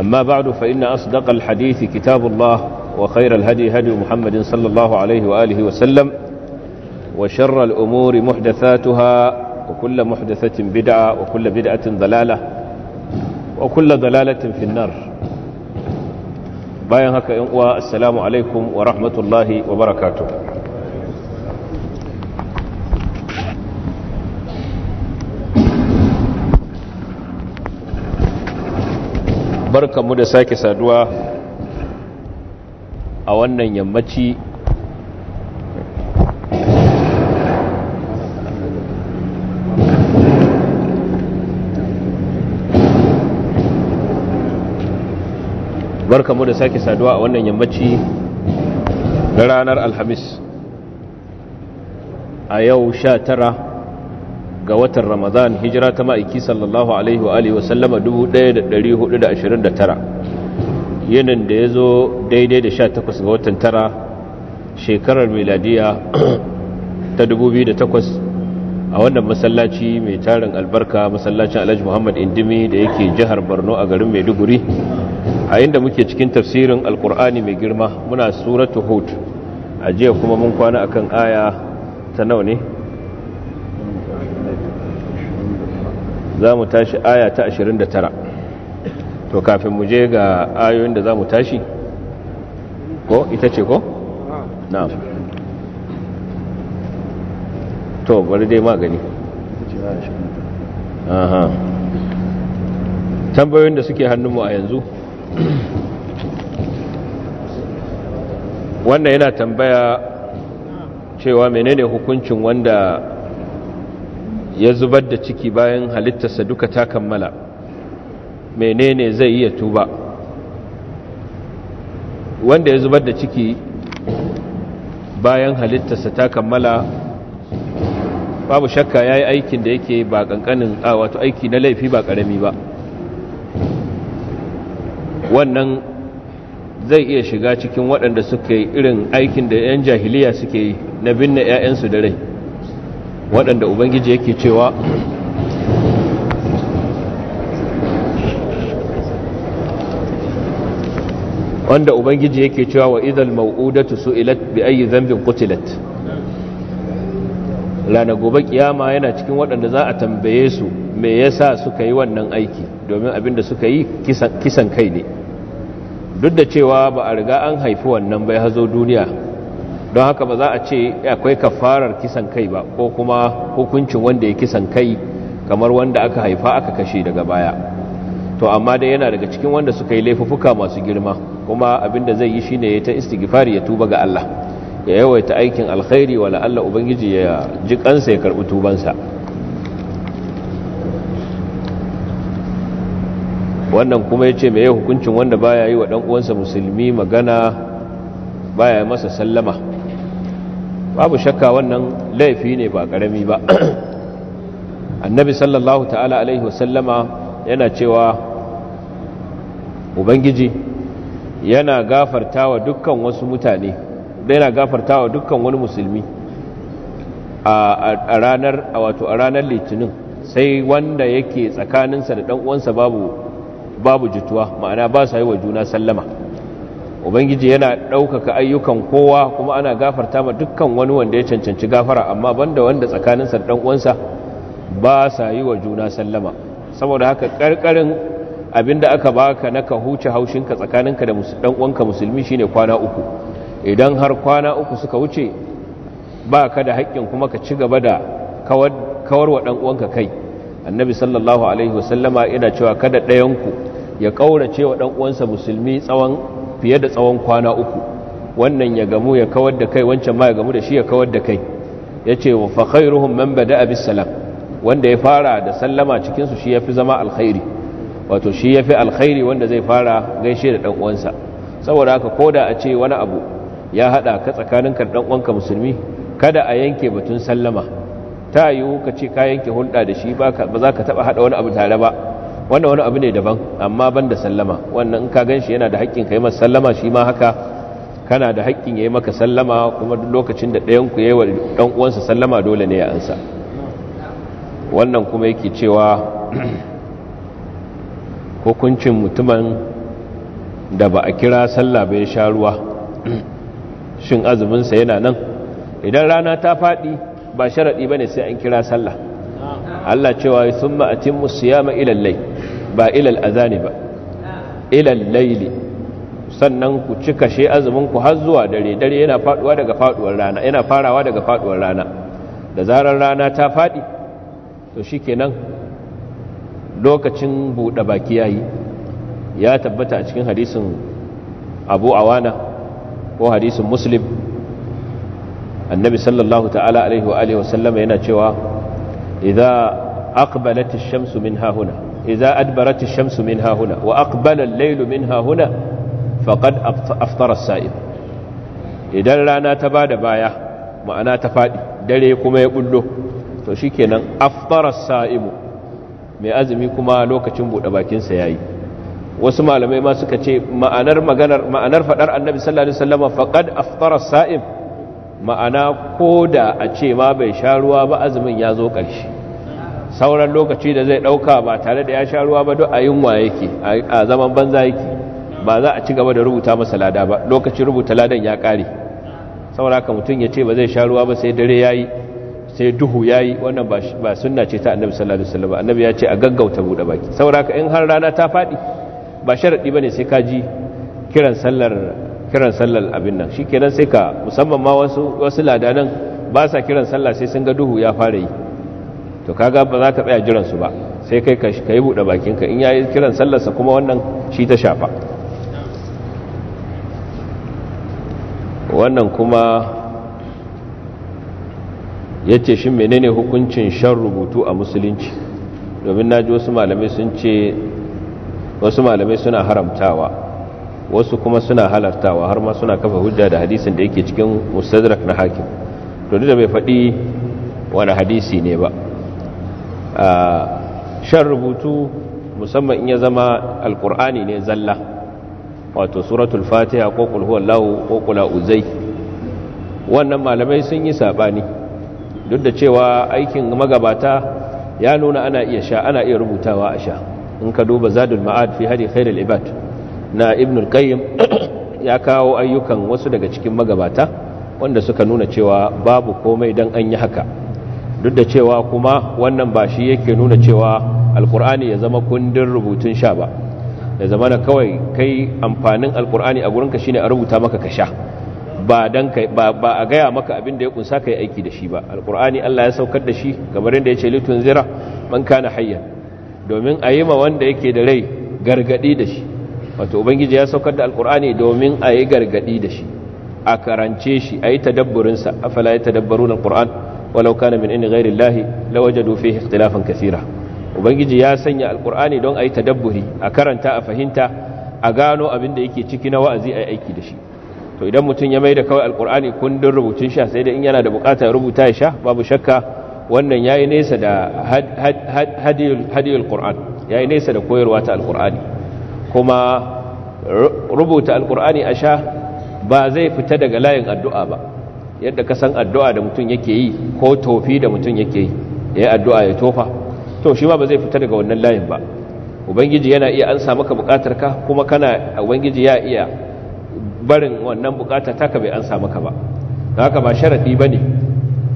أما بعد فإن أصدق الحديث كتاب الله وخير الهدي هدي محمد صلى الله عليه وآله وسلم وشر الأمور محدثاتها وكل محدثة بدعة وكل بدعة ضلالة وكل ضلالة في النار باين هكا السلام عليكم ورحمة الله وبركاته barkanmu da sake saduwa a wannan yammaci da sake saduwa a wannan yammaci na ranar alhamis a yau sha tara ga watan ramadan hijira ta ma'aiki sallallahu alaihi wa alihi wasallama 1429 yanin da ya zo daidai da 18 ga watan tara shekarar miladiya ta 2008 a wannan masallaci mai tarin albarka masallacin alhaji muhammad indimi da yake jihar borno a garin maiduguri a inda muke cikin tafsirin alkur'ani mai girma muna suratu hud a jiya kuma mun kwana akan aya ta nawa ne za mu tashi aya ta 29 to kafin mu je ga ayoyin da za mu tashi ko ita ce ko? na'am to bari dai magani aha tambayoyin da suke hannunmu a yanzu wannan yana tambaya cewa menene hukuncin wanda ya zubar da ciki bayan halittarsa duka ta kammala menene zai iya tuba wanda ya zubar da ciki bayan halittarsa ta kammala babu shakka ya yi aikin da yake ba kankanin a wato aiki na laifi ba karami ba wannan zai iya shiga cikin waɗanda suka yi irin aikin da 'yan jahiliya suke yi na binne 'ya'yansu da rai waɗanda ubangiji yake cewa wanda ubangiji yake cewa wa idal mau'udatu su'ilat bi ayi zambin qutilat lana gobe kiyama yana cikin waɗanda za a tambaye su me yasa suka yi wannan aiki domin abinda suka yi kisan kai ne duk da cewa ba a riga an haifi wannan bai hazo duniya don haka ba za a ce akwai kafarar kisan kai ba ko kuma hukuncin wanda ya kisan kai kamar wanda aka haifa aka kashe daga baya to amma dai yana daga cikin wanda suka yi laifuka masu girma kuma abinda zai yi shine ya ta istighfari ya tuba ga Allah ya yawaita aikin alkhairi wala Allah ubangiji ya ji kansa ya karbi tubansa wannan kuma ya yace me hukuncin wanda baya yi wa dan uwansa musulmi magana baya masa sallama babu shakka wannan laifi ne ba ƙarami ba annabi sallallahu ta'ala alaihi wasallama yana cewa ubangiji yana gafarta wa dukkan wasu mutane yana gafarta wa dukkan wani musulmi a ranar wato a ranar litinin sai wanda yake tsakaninsa da ɗan'uwansa babu jituwa ma'ana ba su yi wa juna sallama ubangiji yana ɗaukaka ayyukan kowa kuma ana gafarta ma dukkan wani wanda ya cancanci gafara amma banda wanda tsakaninsa ɗan uwansa ba sa yi wa juna sallama saboda haka ƙarƙarin abinda aka baka na ka huce haushinka tsakaninka da ɗan uwanka musulmi shine kwana uku idan har kwana uku suka wuce ba ka da haƙƙin kuma ka ci gaba da kawar wa ɗan uwanka kai annabi sallallahu alaihi wasallama yana cewa kada ɗayanku ya ƙaurace wa ɗan uwansa musulmi tsawon fiye da tsawon kwana uku wannan ya gamu ya kawar da kai wancan ma ya gamu da shi ya kawar da kai yace wa fa khairuhum man bada'a bis salam wanda ya fara da sallama cikin shi ya fi zama alkhairi wato shi fi alkhairi wanda zai fara gaishe da dan uwansa saboda haka da a ce wani abu ya hada ka tsakanin ka dan musulmi kada a yanke batun sallama ta yiwu ka ce ka yanke hulɗa da shi ba za ka taɓa haɗa wani abu tare ba wannan wani abu ne daban amma ban da sallama wannan in ka gan shi yana da haƙƙin ka yi masa sallama shi ma haka kana da haƙƙin ya yi maka sallama kuma duk lokacin da ɗayanku ya yi wa ɗan uwansa sallama dole ne ya ansa wannan kuma yake cewa hukuncin mutumin da ba a kira sallah bai sha ruwa shin azuminsa yana nan idan rana ta faɗi ba sharaɗi ba ne sai an kira sallah Allah cewa sun ma'atin musu yama ilallai ba ilal azani ba ilal laili sannan ku ci kashe azumin ku har zuwa dare dare yana faduwa daga faduwar rana yana farawa daga faduwar rana da zarar rana ta fadi to shikenan lokacin bude baki yayi ya tabbata a cikin hadisin Abu Awana ko hadisin Muslim annabi sallallahu ta'ala alaihi wa alihi wa sallama yana cewa idza aqbalat shamsu min hahuna E za a ash-shamsu min hahuna wa aqbala al-laylu min hahuna faqad aftara as idan rana ta bada baya ma'ana ta faɗi, dare kuma ya bullo to shikenan aftara as-sa'imu mai azumi kuma lokacin buɗe bakinsa sa yayi wasu malamai ma suka ce ma'anar maganar ma'anar fadar annabi sallallahu alaihi wasallam faqad aftara ma'ana ko da a ce ma bai sha ruwa ba azumin ya zo ƙarshe sauran lokaci da zai ɗauka ba tare da ya sha ruwa ba duk a yunwa yake a zaman banza yake ba za a ci gaba da rubuta masa lada ba lokacin rubuta ladan ya ƙare sauraka mutum ya ce ba zai sha ruwa ba sai dare ya yi sai duhu ya yi wannan ba sunna ce ta annabi sallallahu alaihi wasallam annabi ya ce a gaggauta bude baki sauraka in har rana ta faɗi ba sharadi ba ne sai ka ji kiran sallar kiran sallar abin nan shikenan sai ka musamman ma wasu wasu ladanan ba sa kiran sallah sai sun ga duhu ya fara yi to kaga ba za ka tsaya jiran su ba sai kai ka yi buɗe bakinka in yayi kiran sallarsa kuma wannan shi ta shafa wannan kuma ya ce shi menene hukuncin shan rubutu a musulunci domin na wasu malamai sun ce wasu malamai suna haramtawa wasu kuma suna halartawa har ma suna kafa hujja da hadisin da yake cikin mustadrak na hakim to da bai faɗi wani hadisi ne ba shan rubutu musamman in ya zama alkur'ani ne zalla wato suratul fatiha ko qul lahu ko kula uzai wannan malamai sun yi saɓani. duk da cewa aikin magabata ya nuna ana iya sha ana iya rubutawa a sha in ka duba zadul ma'ad fi hadi khairul ibad na ibn al-qayyim ya kawo ayyukan wasu daga cikin magabata wanda suka nuna cewa babu komai dan an yi haka duk da cewa kuma wannan ba shi yake nuna cewa alkur'ani ya zama kundin rubutun sha ba Da zama na kawai kai amfanin alkur'ani a gurinka shine a rubuta maka ka sha ba a gaya maka abin da ya kunsa yi aiki da shi ba alkur'ani Allah ya saukar da shi kamar yadda ya ce litun zira man kana hayyan domin a yi ma wanda yake da rai gargadi da shi wato ubangiji ya saukar da alkur'ani domin a yi gargadi da shi a karance shi a yi tadabburinsa afala ya tadabbaru alkur'ani walau kana min inni ghairi llahi lawajadu fihi ikhtilafan kathira ubangiji ya sanya alkur'ani don a ta tadabburi a karanta a fahimta a gano abin da yake ciki na wa'azi yi aiki da shi to idan mutum ya mai da kawai alkur'ani kundin rubutun sha sai da in yana da bukata rubuta ya sha babu shakka wannan yi nesa da hadiyul hadiyul ya yi nesa da koyarwa ta alkur'ani kuma rubuta alkur'ani a sha ba zai fita daga layin addu'a ba yadda ka san addu'a da mutum yake yi ko tofi da mutum yake yi ya yi addu'a ya tofa to shi ma ba zai fita daga wannan layin ba ubangiji yana iya an samu ka bukatar ka kuma kana ubangiji ya iya barin wannan ta taka bai an samu ka ba haka ba sharaɗi ba ne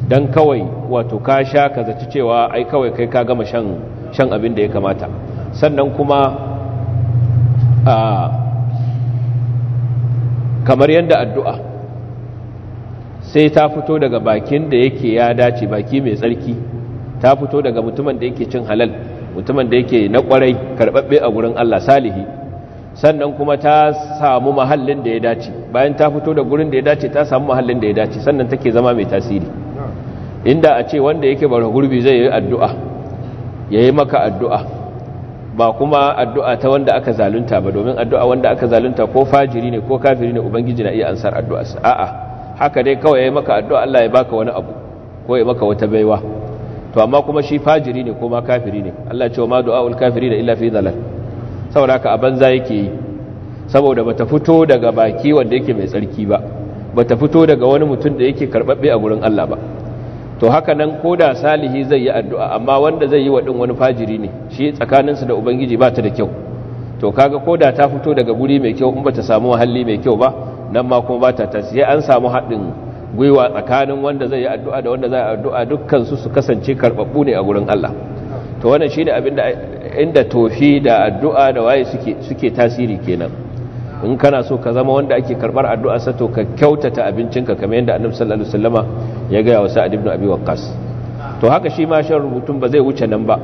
don kawai wato ka sha ka zaci cewa ai kawai kai ka gama shan abin da ya kamata sannan kuma ah, kamar yadda addu'a sai ta fito daga bakin da yake ya dace baki mai tsarki ta fito daga mutumin da yake cin halal mutumin da yake na kwarai karbabbe a gurin Allah salihi sannan kuma ta samu mahallin da ya dace bayan ta fito da gurin da ya dace ta samu mahallin da ya dace sannan take zama mai tasiri inda a ce wanda yake bara gurbi zai yi addu'a yayi maka addu'a ba kuma addu'a ta wanda aka zalunta ba domin addu'a wanda aka zalunta ko fajiri ne ko kafiri ne ubangiji na iya ansar addu'a a'a haka dai kawai yayi maka addu'a Allah ya baka wani abu ko ya maka wata baiwa to amma kuma shi fajiri ne ko ma kafiri ne Allah ya ce ma du'aul da illa fi dhalal saboda haka a banza yake yi saboda bata fito daga baki wanda yake mai tsarki ba bata fito daga wani mutum da yake karbabbe a gurin Allah ba to haka nan koda salihi zai yi addu'a amma wanda zai yi wa din wani fajiri ne shi tsakaninsu da ubangiji ba ta da kyau to kaga koda ta fito daga guri mai kyau in bata samu wahalli mai kyau ba nan ma kuma ba ta tasiri an samu haɗin gwiwa tsakanin wanda zai yi addu'a da wanda zai addu'a dukkan su kasance karɓaɓɓu ne a gurin Allah to wannan shi ne abinda inda tofi da addu'a da waye suke tasiri kenan in kana so ka zama wanda ake karɓar addu'a sato ka kyautata abincinka kamar yadda annabi sallallahu alaihi ya gaya wa sa'ad ibn abi waqqas to haka shi ma shan rubutun ba zai wuce nan ba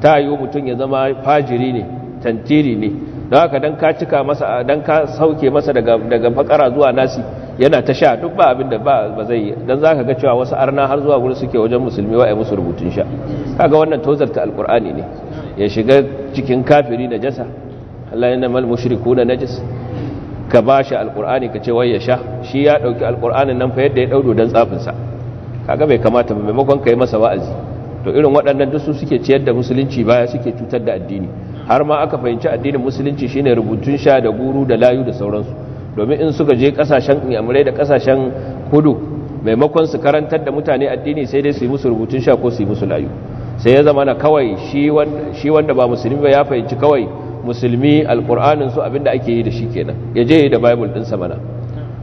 ta yiwu mutum ya zama fajiri ne tantiri ne don haka dan ka cika masa dan ka sauke masa daga daga fakara zuwa nasi yana ta sha duk ba abin da ba ba zai yi dan zaka ga cewa wasu arna har zuwa gurin suke wajen musulmi wa'ai musu rubutun sha kaga wannan tozarta alkur'ani ne ya shiga cikin kafiri na jasa Allah yana mal na najis ka bashi alqur'ani ka ce wai ya sha shi ya dauki alqur'anin nan fa yadda ya daudo dan tsafin sa kaga bai kamata ba maimakon kai masa wa'azi to irin waɗannan duk su suke ciyar da musulunci baya suke cutar da addini har ma aka fahimci addinin musulunci shine rubutun sha da guru da layu da sauransu domin in suka je kasashen yamurai da kasashen kudu maimakon su karantar da mutane addini sai dai su yi musu rubutun sha ko su yi musu layu sai ya zama na kawai shi wanda ba musulmi ba ya fahimci kawai musulmi alkur'anin su abinda ake yi da shi kenan ya je da bible sa mana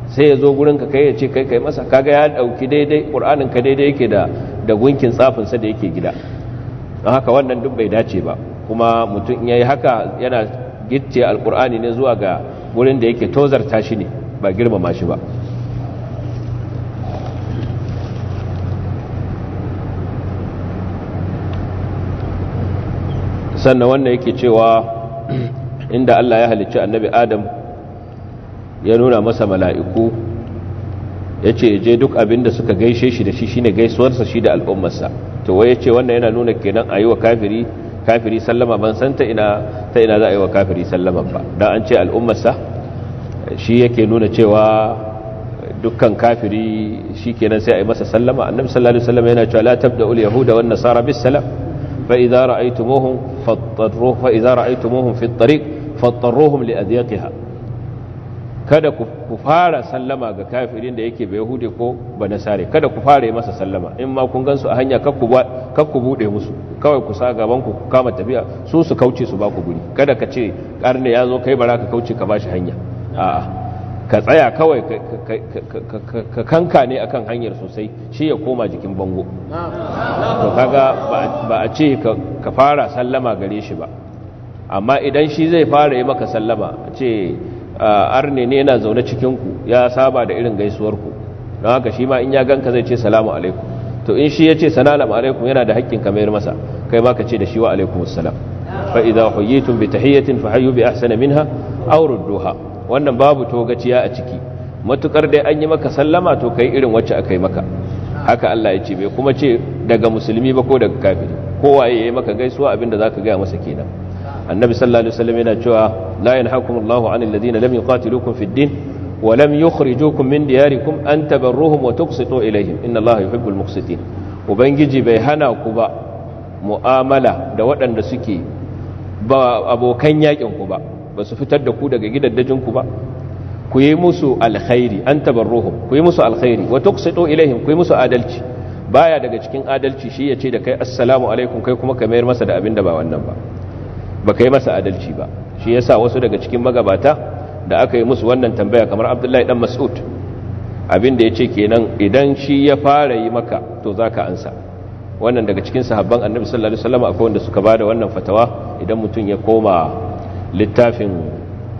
sai ya zo gurin ka kai ya ce kai kai masa kaga ya dauki daidai qur'anin ka daidai yake da gunkin tsafinsa da yake gida don haka wannan duk bai dace ba kuma mutum ya yi haka yana gitce alkur'ani ne zuwa ga wurin da yake tozarta shi ne ba girmama shi ba sannan wannan yake cewa inda Allah ya halicci annabi adam ya nuna masa mala'iku ya ce je duk abin da suka gaishe shi da shi shine gaisuwarsa shi da al'ummarsa to wai ya ce wannan yana nuna kenan a yi wa kafiri kafiri sallama ban san ta ina ta ina za a yi wa kafiri sallama ba dan an ce al'ummarsa shi yake nuna cewa dukkan kafiri shi kenan sai a yi masa sallama annabi sallallahu alaihi wasallam yana cewa la tabda'ul yahuda wan nasara bis salam fa idza ra'aytumuhum fa idza ra'aytumuhum fi at-tariq fattaruhum li adyaqiha kada ku fara sallama ga kafirin da yake bai hude ko ba nasare kada ku fara yi masa sallama in ma kun gansu a hanya kar ku bude musu kawai ku sa gaban ku kama tafiya su su kauce su ba ku guri kada ka ce karne ya zo kai bara ka kauce ka bashi hanya a'a ka tsaya kawai ka kanka ne akan hanyar sosai shi ya koma jikin bango to kaga ba a ce ka fara sallama gare shi ba amma idan shi zai fara yi maka sallama a ce arne ne yana zaune cikinku ya saba da irin gaisuwarku don haka shi ma in ya ganka zai ce salamu alaikum to in shi ya ce salamu alaikum yana da haƙƙin ka masa kai ma ka ce da shi wa alaikum assalam fa idza huyitum bi tahiyatin fa hayyu bi ahsana minha aw rudduha wannan babu togaciya a ciki matukar dai an yi maka sallama to kai irin wacce aka yi maka haka Allah ya ce bai kuma ce daga musulmi ba ko daga kafiri kowa ya yi maka gaisuwa abinda zaka gaya masa kenan annabi sallallahu alaihi wasallam yana cewa لا ينهاكم الله عن الذين لم يقاتلوكم في الدين ولم يخرجوكم من دياركم أن تبروهم وتقسطوا إليهم إن الله يحب المقسطين وبنجي بيهنا كبا mu'amala da waɗanda suke ba abokan yakin ku ba su fitar da ku daga gidaddajinku ba ku yi musu alkhairi an tabarruhum ku musu wa musu adalci baya daga cikin adalci shi ya ce da kai assalamu alaikum kai kuma ka mayar masa da abin da ba wannan ba ba ka yi masa adalci ba shi yasa wasu daga cikin magabata da aka yi musu wannan tambaya kamar abdullahi dan mas'ud abinda ya ce kenan idan shi ya fara yi maka to za ka ansa wannan daga cikin sahabban annabi sallallahu alaihi wasallam akwai wanda suka bada wannan fatawa idan mutum ya koma littafin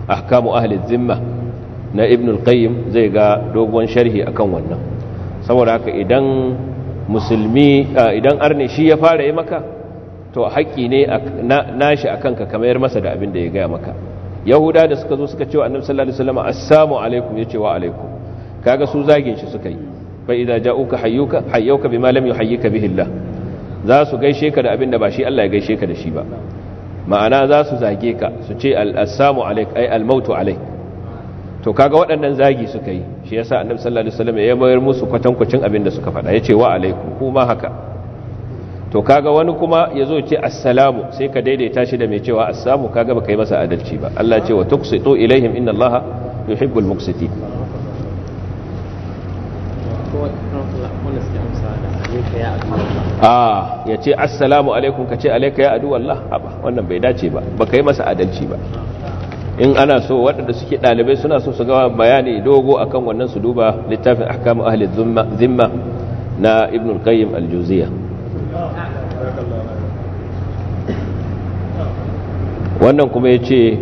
ahkamu ahli zimma na Ibn al qayyim zai ga dogon sharhi akan wannan saboda haka idan musulmi idan arne shi ya fara yi maka to haƙƙi ne nashi a kanka kamar masa da abin da ya gaya maka yahuda da suka zo suka ce wa annabi sallallahu alaihi wasallam assalamu alaikum ya ce wa alaikum kaga su zagin shi suka yi fa idza ja'uka hayyuka hayyuka bima lam yuhayyika bihi Allah za su gaishe ka da abin da ba shi Allah ya gaishe ka da shi ba ma'ana za su zage ka su ce assalamu alaik ai almautu alaik to kaga waɗannan zagi suka yi shi yasa annabi sallallahu alaihi wasallam ya mayar musu kwatankwacin abin da suka faɗa yace wa alaikum kuma haka to kaga wani kuma ya zo ce assalamu sai ka daidaita shi da mai cewa assamu kaga ba ka yi masa adalci ba Allah ce wa tuqsitu ilaihim inna Allah yuhibbul muqsitin a ah, ya ce assalamu alaikum ka ce alaika ya adu Allah haba wannan bai dace ba ba ka yi masa adalci ba in ana so waɗanda suke ɗalibai suna so su gawa bayani dogo akan wannan su duba littafin ahkamu ahli zimma na ibn al-qayyim al-juziyya wannan kuma ya ce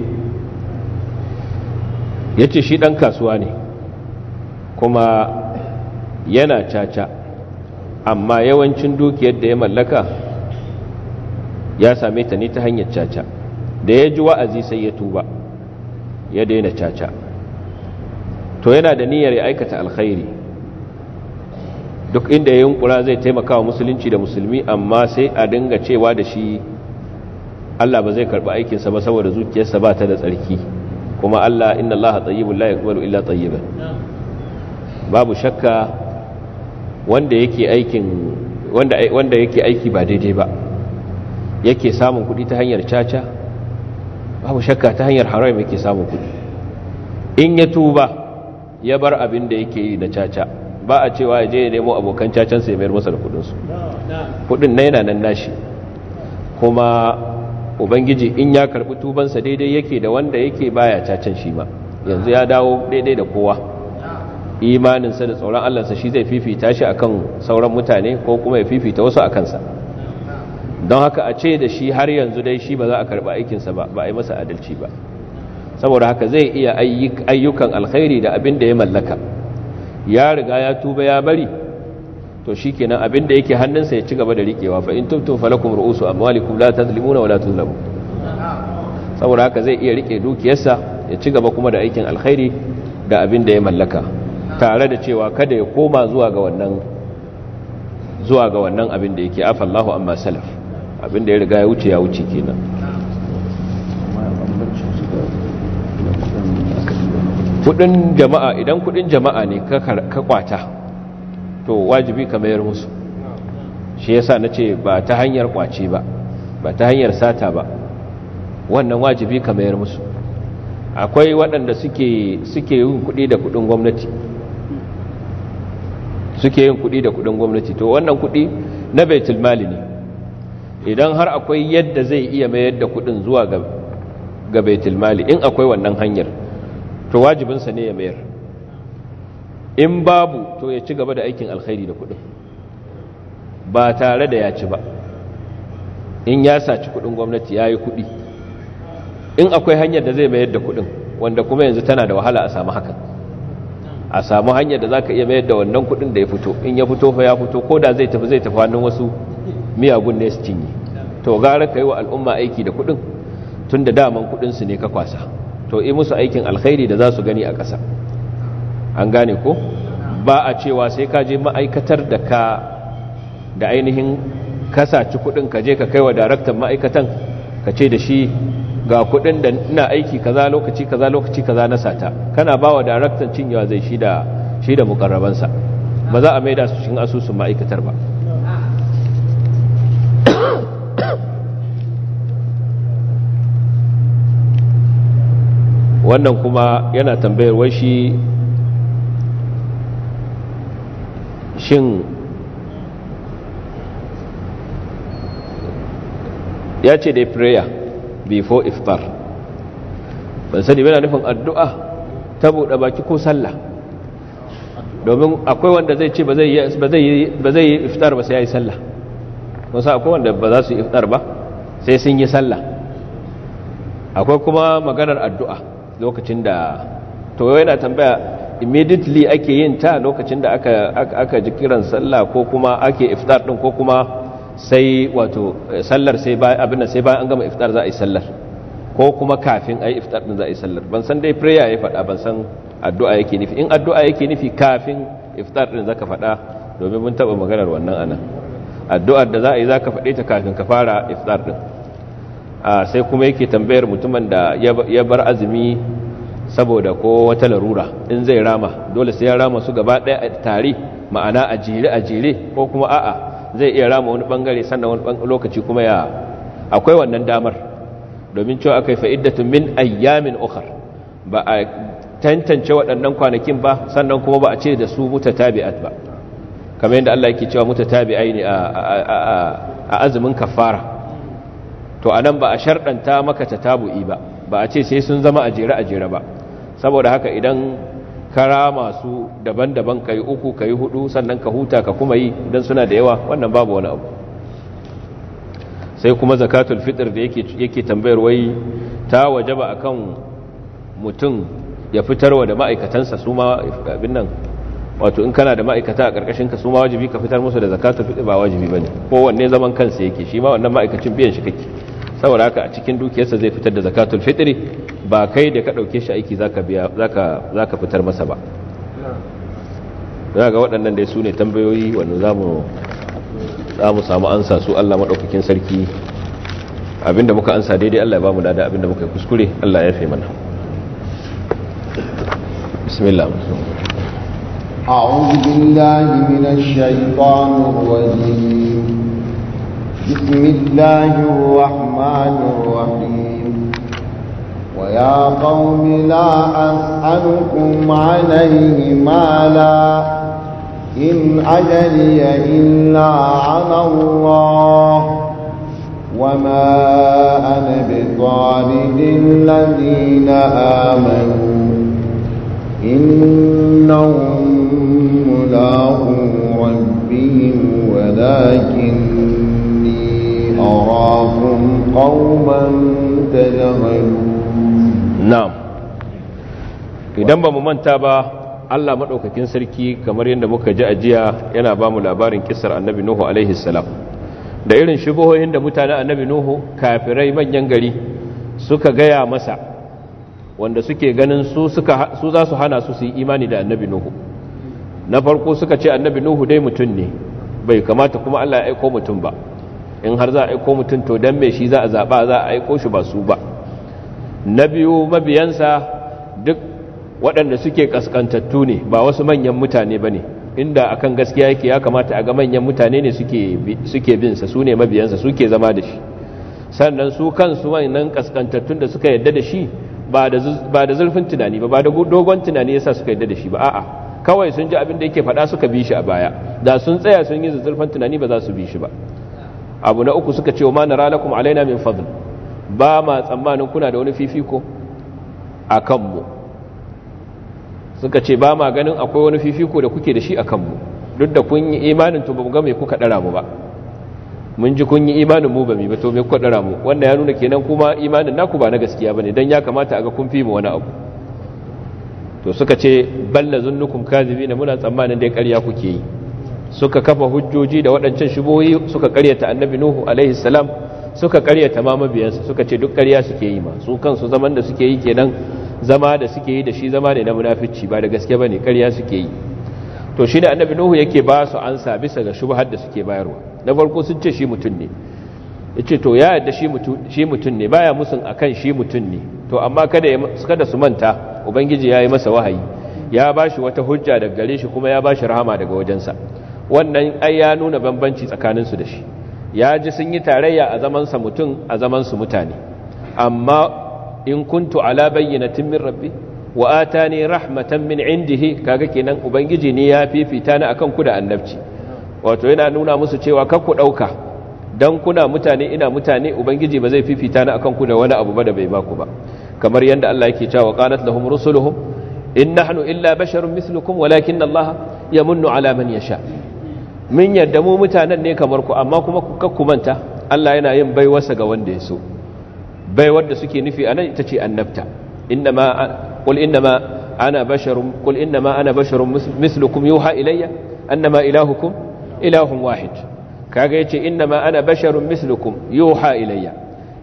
ya ce shi ɗan kasuwa ne kuma yana caca amma yawancin dukiyar da ya mallaka ya same ta ne ta hanyar caca da ya ji wa'azi sai ya tuba ya daina caca to yana da niyyar ya aikata alkhairi duk inda ya yunkura zai taimaka wa musulunci da musulmi amma sai a dinga cewa da shi Allah ba zai karɓi aikinsa ba saboda zuciyarsa ba ta da tsarki kuma Allah inna Allah tayyibun la yaqbalu illa tayyiban babu shakka wanda yake aikin wanda wanda yake aiki ba daidai ba yake samun kuɗi ta hanyar caca babu shakka ta hanyar haram yake samun kuɗi in ya tuba ya bar abin da yake yi na caca ba a cewa ya je ya nemo abokan cacan sai mayar masa da kudinsu kudin na yana nan nashi kuma ubangiji in ya karbi tubansa daidai yake da wanda yake baya cacan shi ma yanzu ya dawo daidai da kowa imaninsa da tsoron allansa shi zai fifita shi akan sauran mutane ko kuma ya fifita wasu a kansa don haka a ce da shi har yanzu dai shi ba za a karba aikinsa ba ba a yi masa adalci ba saboda haka zai iya ayyukan alkhairi da abin da ya mallaka ya riga ya tuba ya bari to shi kenan abinda yake hannunsa ya ci gaba da rikewa fa in falakun falakum a amwalikum la limuna wa la labu saboda haka zai iya rike dukiyarsa ya ci gaba kuma da aikin alkhairi da abinda ya mallaka tare da cewa kada ya koma zuwa ga wannan zuwa yake afallahu amma salaf abin ya riga ya wuce ya wuce kenan kudin jama'a idan kudin jama'a ne ka kwata to wajibi ka mayar musu shi yasa na ce ba ta hanyar kwace ba ba ta hanyar sata ba wannan wajibi ka mayar musu akwai waɗanda suke suke yin kudi da kudin gwamnati suke yin kudi da kudin gwamnati to wannan kudi na baitul mali ne idan har akwai yadda zai iya mayar da kudin zuwa ga baitul mali in akwai wannan hanyar to wajibinsa ne ya mayar in babu to ya ci gaba da aikin alkhairi da kudin ba tare da ya ci ba in ya saci kudin gwamnati ya yi kudi in akwai hanyar da zai mayar da kudin wanda kuma yanzu tana da wahala a samu hakan a samu hanyar da za ka iya mayar da wannan kudin da ya fito in ya fito fa ya fito ko da zai tafi zai tafi hannun wasu miyagun ne su cinye to gara ka yi wa al'umma aiki da kudin tun da daman kudinsu ne ka kwasa to yi musu aikin alkhairi da za su gani a ƙasa an gane ko ba a cewa sai ka je ma'aikatar da ka da ainihin kasaci kudin ka je ka kai wa daraktan ma'aikatan ka ce da shi ga kudin da ina aiki kaza lokaci kaza lokaci kaza na sata kana ba wa daraktan cinyewa zai shi da mukarrabansa ba za a maida su cikin asusun ma'aikatar ba wannan kuma yana tambayar wai shi shin ya ce dai prayer before iftar ban sani yana nufin addu'a ta buɗe baki ko sallah domin akwai wanda zai ce ba zai yi iftar ba sai ya yi sallah wasu akwai wanda ba za su yi iftar ba sai sun yi sallah akwai kuma maganar addu'a lokacin da to yana tambaya immediately ake yin ta lokacin da aka aka ji kiran sallah ko kuma ake iftar din ko kuma sai wato eh, sallar sai ba abin sai bayan an gama iftar za a yi sallar ko kuma kafin a yi iftar din za a yi sallar ban san dai prayer ya faɗa ban san addu'a yake nufi in addu'a yake nufi kafin iftar din zaka faɗa domin mun taɓa maganar wannan anan addu'ar da za a yi zaka faɗe ta kafin ka fara iftar din sai kuma yake tambayar mutumin da ya bar azumi saboda ko wata larura in zai rama dole sai ya rama su gaba ɗaya a tare ma'ana a jere a jere ko kuma a'a zai iya rama wani bangare sannan wani lokaci kuma ya akwai wannan damar domin cewa aka yi fa'iddatu min ayyamin ukhar ba a tantance waɗannan kwanakin ba sannan kuma ba a ce da su mutatabi'at ba kamar yadda Allah yake cewa mutatabi'ai ne a azumin kafara to anan ba a sharɗanta maka tabu'i ba ba a ce sai sun zama a jere a jere ba saboda haka idan kara masu daban-daban kai uku kai hudu sannan ka huta ka kuma yi dan suna da yawa wannan babu wani abu sai kuma zakatul fitr da yake yake tambayar wai ta wajaba akan mutum ya fitarwa da ma'aikatansa su ma abin nan wato in kana da ma'aikata a ƙarƙashin ka su ma wajibi ka fitar musu da zakatul fitr ba wajibi bane kowanne zaman kansa yake shi ma wannan ma'aikacin biyan shi kake saboda haka a cikin dukiyarsa zai fitar da zakatul fitri ba kai da ka dauke shi aiki zaka biya zaka zaka fitar masa ba ga waɗannan dai su ne tambayoyi wanda zamu zamu samu ansa su Allah madaukakin sarki abinda muka ansa daidai Allah ya bamu dada abinda muka yi kuskure Allah ya yafe mana bismillah أعوذ بالله من الشيطان rajim بسم الله الرحمن الرحيم ويا قوم لا أسألكم عليه مالا إن أجلي إلا على الله وما أنا بطارد الذين آمنوا إنهم ملاقو ربهم ولكن أراكم قوما تجهلون نعم idan ba mu manta ba Allah madaukakin sarki kamar yadda muka ji ajiya yana ba mu labarin kisar annabi Nuhu alaihi salam da irin shubuhoyin da mutane annabi Nuhu kafirai manyan gari suka gaya masa wanda suke ganin su suka su za su hana su su yi imani da annabi Nuhu na farko suka ce annabi Nuhu dai mutum ne bai kamata kuma Allah ya aiko mutum ba in har za a aiko mutum to dan mai shi za a zaɓa za a aiko shi ba su ba na biyu mabiyansa duk waɗanda suke ƙasƙantattu ne ba wasu manyan mutane ba ne inda akan gaskiya yake ya kamata a ga manyan mutane ne suke binsa su ne mabiyansa suke zama da shi sannan su kansu wannan ƙasƙantattun da suka yadda da shi ba da zurfin tunani ba da dogon tunani yasa suka yadda da shi ba a'a kawai sun ji abin da yake faɗa suka bi shi a baya da sun tsaya sun yi zurfin tunani ba za su bi shi ba abu na uku suka ce wa mana nara kuma alaina min fadl ba ma tsammanin kuna da wani fifiko a kanmu suka ce ba ma ganin akwai wani fifiko da kuke da shi a kanmu duk da kun yi imanin to ba mu ga me kuka dara mu ba mun ji kun yi imanin mu ba mi ba to me kuka dara mu wanda ya nuna kenan kuma imanin naku ba na gaskiya bane dan ya kamata a ga kun fi mu wani abu to suka ce balla zunnukum na muna tsammanin dai ƙarya kuke yi suka kafa hujjoji da waɗancan shubohi suka karyata annabi nuhu alaihi salam suka karyata ma mabiyansa suka ce duk karya suke yi ma su kansu zaman da suke yi kenan zama da suke yi da shi zama ne na munafici ba da gaske bane karya suke yi to shi ne annabi nuhu yake ba su ansa bisa ga shubuhar da suke bayarwa na farko sun ce shi mutum ne yace to ya yadda shi mutum ne baya musun akan shi mutum ne to amma kada su manta ubangiji ya yi masa wahayi ya bashi wata hujja daga gare shi kuma ya ba shi rahama daga wajensa wannan ai ya nuna bambanci tsakaninsu da shi ya ji sun yi tarayya a zamansa mutum a zamansu mutane amma in kuntu ala bayyinatin min rabbi wa atani rahmatan min indihi kaga kenan ubangiji ne ya fifita ni akan ku da annabci wato yana nuna musu cewa kar ku dauka dan kuna mutane ina mutane ubangiji ba zai fifita ni akan ku da wani abu ba da bai baku ba kamar yanda Allah yake cewa qalat lahum rusuluhum in nahnu illa basharun mithlukum walakin Allah yamunnu ala man yasha' mun yadda mu mutanen ne kamar ku amma kuma ku manta? Allah yana yin baiwarsa ga wanda ya so baiwar da suke nufi anan ita ce annabta innama qul innama ana basharun qul innama ana basharun mislukum yuha ilayya annama ilahukum ilahun wahid kaga yace innama ana basharun mislukum yuha ilayya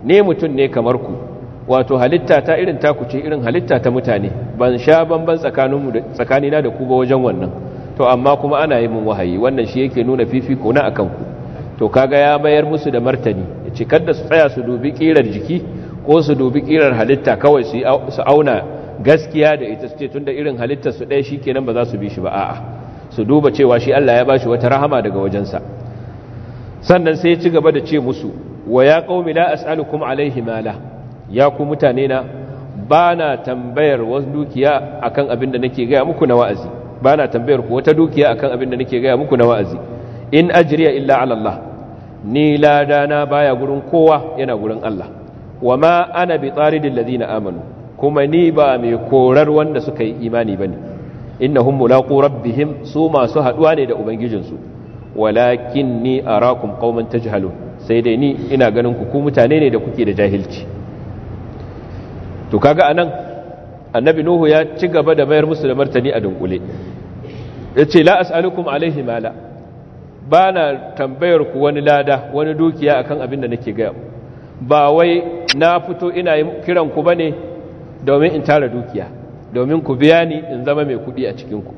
ne mutun ne kamar ku wato halitta ta irin taku ce irin halitta ta mutane ban sha banban tsakaninmu tsakanina da ku ba wajen wannan to amma kuma ana yi mun wahayi wannan shi yake nuna fifiko na akan ku to kaga ya mayar musu da martani ya ce kada su tsaya su dubi kirar jiki ko su dubi kirar halitta kawai su auna gaskiya da ita su ce tunda irin halitta su ɗaya shi kenan ba za su bi shi ba a'a su duba cewa shi Allah ya ba shi wata rahama daga wajensa sannan sai ya ci gaba da ce musu wa ya qaumi la as'alukum alaihi mala ya ku mutane na ba na tambayar wasu dukiya akan abin da nake gaya muku na wa'azi ba na tambayar ku wata dukiya akan abin da nake gaya muku na wa'azi in ajriya illa ala Allah ni na baya gurin kowa yana gurin Allah wa ma ana bi tsaridin ladina amanu kuma ni ba mai korar wanda suka yi imani ba ne innahum mulaqu rabbihim su masu haduwa ne da ubangijinsu walakin ni arakum qauman tajhalu sai dai ni ina ganin ku ku mutane ne da kuke da jahilci to kaga anan annabi nuhu ya ci gaba da mayar musu da martani a dunkule yace la as'alukum alaihi mala na tambayar ku wani lada wani dukiya akan abin da nake gaya ba wai na fito ina kiran ku bane domin in tara dukiya domin ku biya ni in zama mai kudi a cikin ku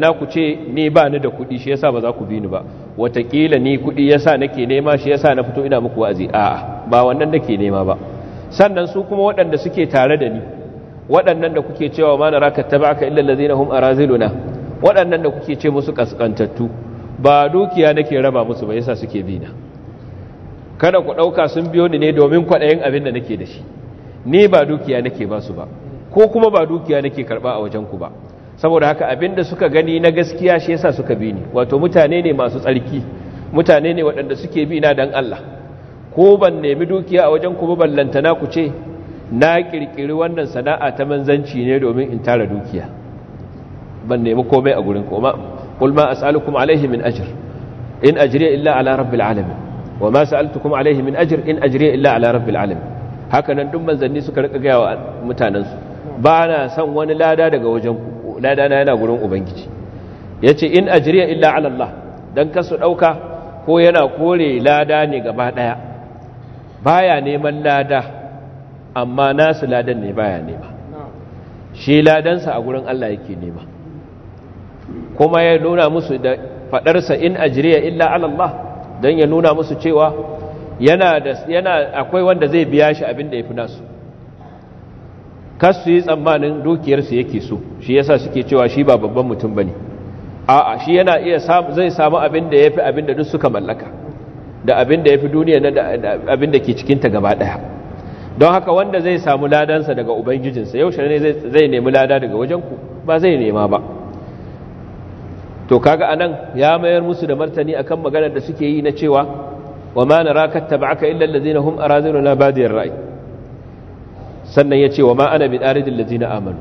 na ku ce ni ba ni da kudi shi yasa ba za ku bi ni ba watakila ni kudi yasa nake nema shi yasa na fito ina muku wa'azi a'a ba wannan nake nema ba sannan su kuma waɗanda suke tare da ni waɗannan da kuke cewa ma naraka tabaka illa allazina hum araziluna waɗannan da kuke ce musu kaskantattu ba dukiya nake raba musu ba yasa suke bi kada ku ɗauka sun biyo ni ne domin kwaɗayin abin da nake da shi ni ba dukiya nake ba su ba ko kuma ba dukiya nake karɓa a wajen ku ba saboda haka abin da suka gani na gaskiya shi yasa suka bi ni wato mutane ne masu tsarki mutane ne waɗanda suke bi na dan Allah ko ban nemi dukiya a wajen ku ba ballantana ku ce na ƙirƙiri wannan sana'a ta manzanci ne domin in tara dukiya ban nemi komai a gurin kuma qul ma as'alukum alaihi min ajr in ajri illa ala rabbil alamin wa ma sa'altukum alaihi min ajr in ajri illa ala rabbil alamin haka nan duk manzanni suka rika gaya wa mutanen su ba na san wani lada daga wajen ku lada na yana gurin ubangiji yace in ajri illa ala allah dan kasu dauka ko yana kore lada ne gaba daya baya neman lada amma nasu ladan ne baya nema shi ladansa a gurin Allah yake nema kuma ya nuna musu da fadarsa in ajriya illa ala Allah dan ya nuna musu cewa yana da yana akwai wanda zai biya shi abin da yafi nasu kasu yi tsammanin dukiyarsu yake so shi yasa suke cewa shi ba babban mutum bane a'a shi yana iya zai samu abin da yafi abin da duk suka mallaka da abin da yafi duniya na da abin da ke cikinta gaba daya don haka wanda zai samu ladansa daga ubangijinsa yaushe ne zai nemi lada daga wajenku ba zai nema ba to kaga anan ya mayar musu da martani akan maganar da suke yi na cewa wa ma naraka tab'aka illa allazina hum araziluna badiyar ra'i sannan ya ce wa ma ana bidaridil amanu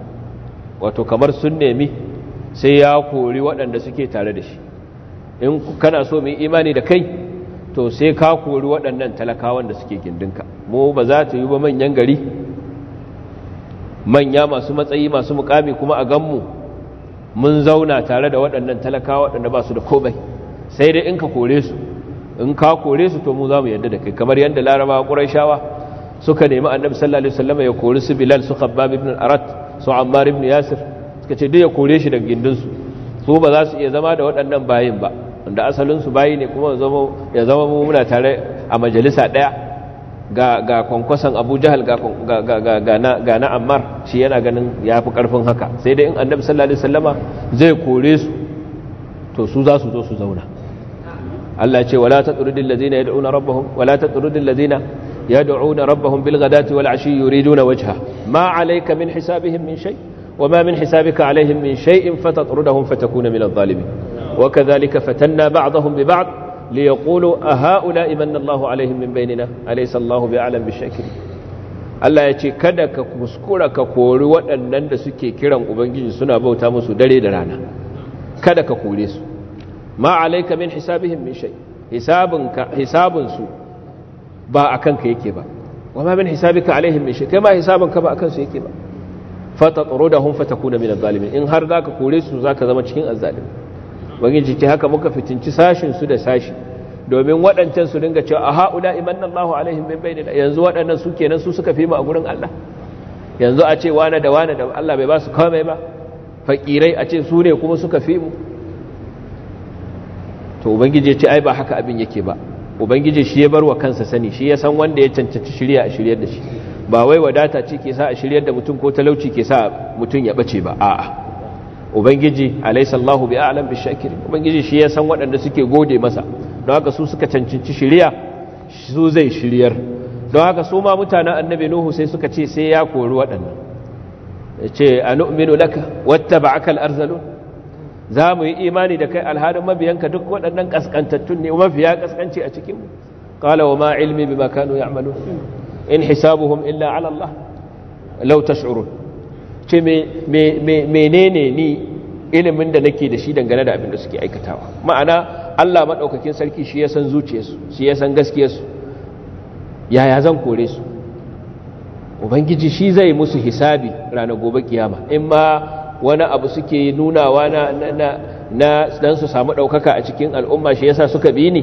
wato kamar sun nemi sai ya kori waɗanda suke tare da shi in kana so mu imani da kai to sai ka kori waɗannan talakawan da suke gindinka mu ba za ta yi ba manyan gari manya masu matsayi masu mukami kuma a ganmu mun zauna tare da waɗannan talakawa waɗanda ba su da komai sai dai in ka kore su in ka kore su to mu za mu yadda da kai kamar yadda laraba ƙurayshawa suka nemi annabi sallallahu alaihi ya kori su bilal su khabbab ibn arat su ammar ibn yasir suka ce duk ya kore shi daga gindinsu su ba za su iya zama da waɗannan bayin ba wanda asalinsu bayi ne kuma ya zama mu muna tare a majalisa ɗaya ga kwankwason abu jahal ga na ammar shi yana ganin ya fi ƙarfin haka sai dai in annabi sallallahu alaihi wasallama zai kore su to su za su zo su zauna Allah ce wala tatrudil ladina yad'una rabbahum wala tatrudil ladina yad'una rabbahum bil ghadati wal ashi duna wajha ma alaika min hisabihim min shay وما من حسابك عليهم من شيء فتطردهم فتكون من الظالمين وكذلك فتنا بعضهم ببعض ليقولوا أهؤلاء من الله عليهم من بيننا أليس الله بأعلم بالشاكرين Allah ya ce kada ka kuskura ka kori waɗannan da suke kiran Ubangiji suna bauta musu dare da rana kada ka kore su ma alaika min hisabihim min shay hisabinsu ba akan ka yake ba wa ma min hisabika alaihim min shay kai ma hisabinka ba a kansu yake ba Fata da fatatsurudahum fatakuna min adh-dhalimin in har za ka kore su za ka zama cikin adh ubangiji ce haka muka fitinci sashin su da sashi domin waɗancan su dinga cewa a haula imanna Allahu alaihim min bainina yanzu waɗannan su kenan su suka fi mu a gurin Allah yanzu a ce wani da wani da Allah bai ba su komai ba faƙirai a ce su ne kuma suka fi mu to ubangiji ce ai ba haka abin yake ba ubangiji shi ya bar wa kansa sani shi ya san wanda ya cancanci shirya a shiryar da shi ba wai wadata ce ke sa a shiryar da mutum ko talauci ke sa mutum ya bace ba a'a ubangiji alaysa Allahu bi a'lam bi shakirin ubangiji shi ya san waɗanda suke gode masa don haka su suka cancanci shiriya su zai shiryar don haka su ma mutanen annabi nuhu sai suka ce sai ya kori waɗannan ce a anu'minu laka wattaba'aka al-arzalun za mu yi imani da kai alhalin mabiyanka duk waɗannan kaskantattun ne mafiya kaskanci a cikin qala wa ma ilmi bima kanu ya'malun in hisabuhum illa 'ala Allah law tash'urun ce menene ni ilimin da nake da shi dangane da abin da suke aikatawa ma'ana Allah maɗaukakin sarki shi ya san zuciyarsu shi ya san gaskiyarsu yaya zan kore su ubangiji shi zai musu hisabi ranar gobe kiyama in ma wani abu suke nunawa na na dan su samu ɗaukaka a cikin al'umma shi yasa suka bi ni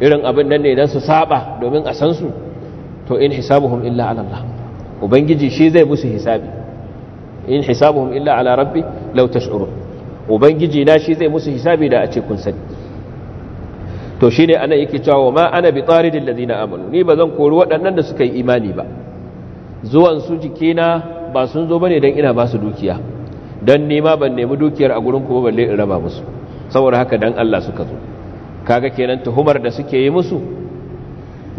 irin abin nan ne dan su saba domin a san su to in hisabuhum illa ala Allah ubangiji shi zai musu hisabi in hisabuhum illa ala rabbi law tash'urun ubangiji na shi zai musu hisabi da a ce kun sani to shine ana yake cewa ma ana bi taridil ladina amanu ni bazan kori waɗannan da suka yi imani ba zuwan su jikina ba sun zo bane dan ina ba su dukiya dan nema ban nemi dukiyar a gurin ku balle in raba musu saboda haka dan Allah suka zo kaga kenan tuhumar da suke yi musu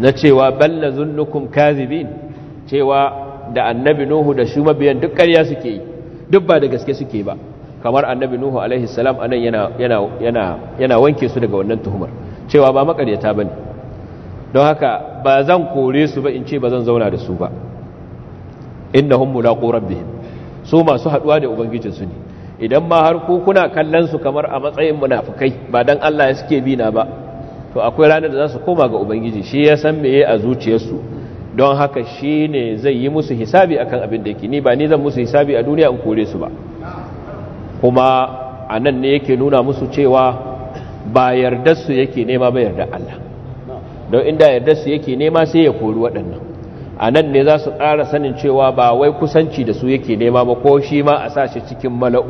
na cewa balla zunnukum kazibin cewa da annabi nuhu da Shuma mabiyan duk ƙarya suke yi duk ba da gaske suke ba kamar annabi nuhu alaihi salam anan yana wanke su daga wannan tuhumar cewa ba makaryata ne. don haka ba zan kore su ba in ce ba zan zauna da su ba innahum mulaqu rabbihim su masu haɗuwa da ubangijinsu ne idan ma har ku kuna kallon su kamar a matsayin munafukai. ba dan Allah ya suke bina ba to akwai ranar da za su koma ga ubangiji shi ya san meye a zuciyarsu don haka shi ne zai yi musu hisabi akan abin da yake ni ba ni zan musu hisabi a duniya in kore su ba kuma a nan ne yake nuna musu cewa ba yardarsu yake nema ba yardar Allah don inda yardarsu yake nema sai ya kori waɗannan a nan ne za su ƙara sanin cewa ba wai kusanci da su yake nema ba ko shi ma a sashi cikin mala'u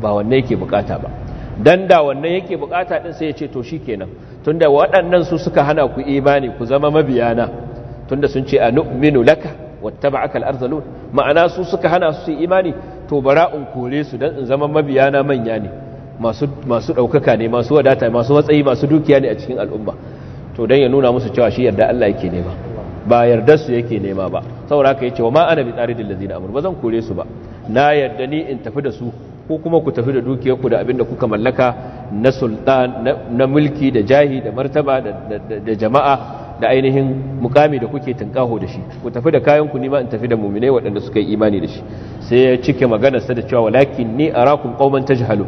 ba wanne yake bukata ba dan da wannan yake bukata din sai ya ce to shi kenan. tunda waɗannan su suka hana ku imani ku zama mabiyana tunda sun ce a nu'minu laka wattaba'aka al-arzalun ma'ana su suka hana su imani to bara in kore su dan in zama mabiya na manya ne masu masu daukaka ne masu wadata masu matsayi masu dukiya ne a cikin al'umma to dan ya nuna musu cewa shi yarda Allah yake nema ba yarda su yake nema ba saboda haka yace wa ma ana bi taridil ladina amur bazan kore su ba na yarda ni in tafi da su ko kuma ku tafi da dukiyarku da abin da kuka mallaka na sultan na mulki da jahi da martaba da jama'a da ainihin mukami da kuke tunƙaho da shi ku tafi da kayan ku nima in tafi da muminai waɗanda suka yi imani da shi sai ya cike maganar sa da cewa walakin ni arakum qauman tajhalu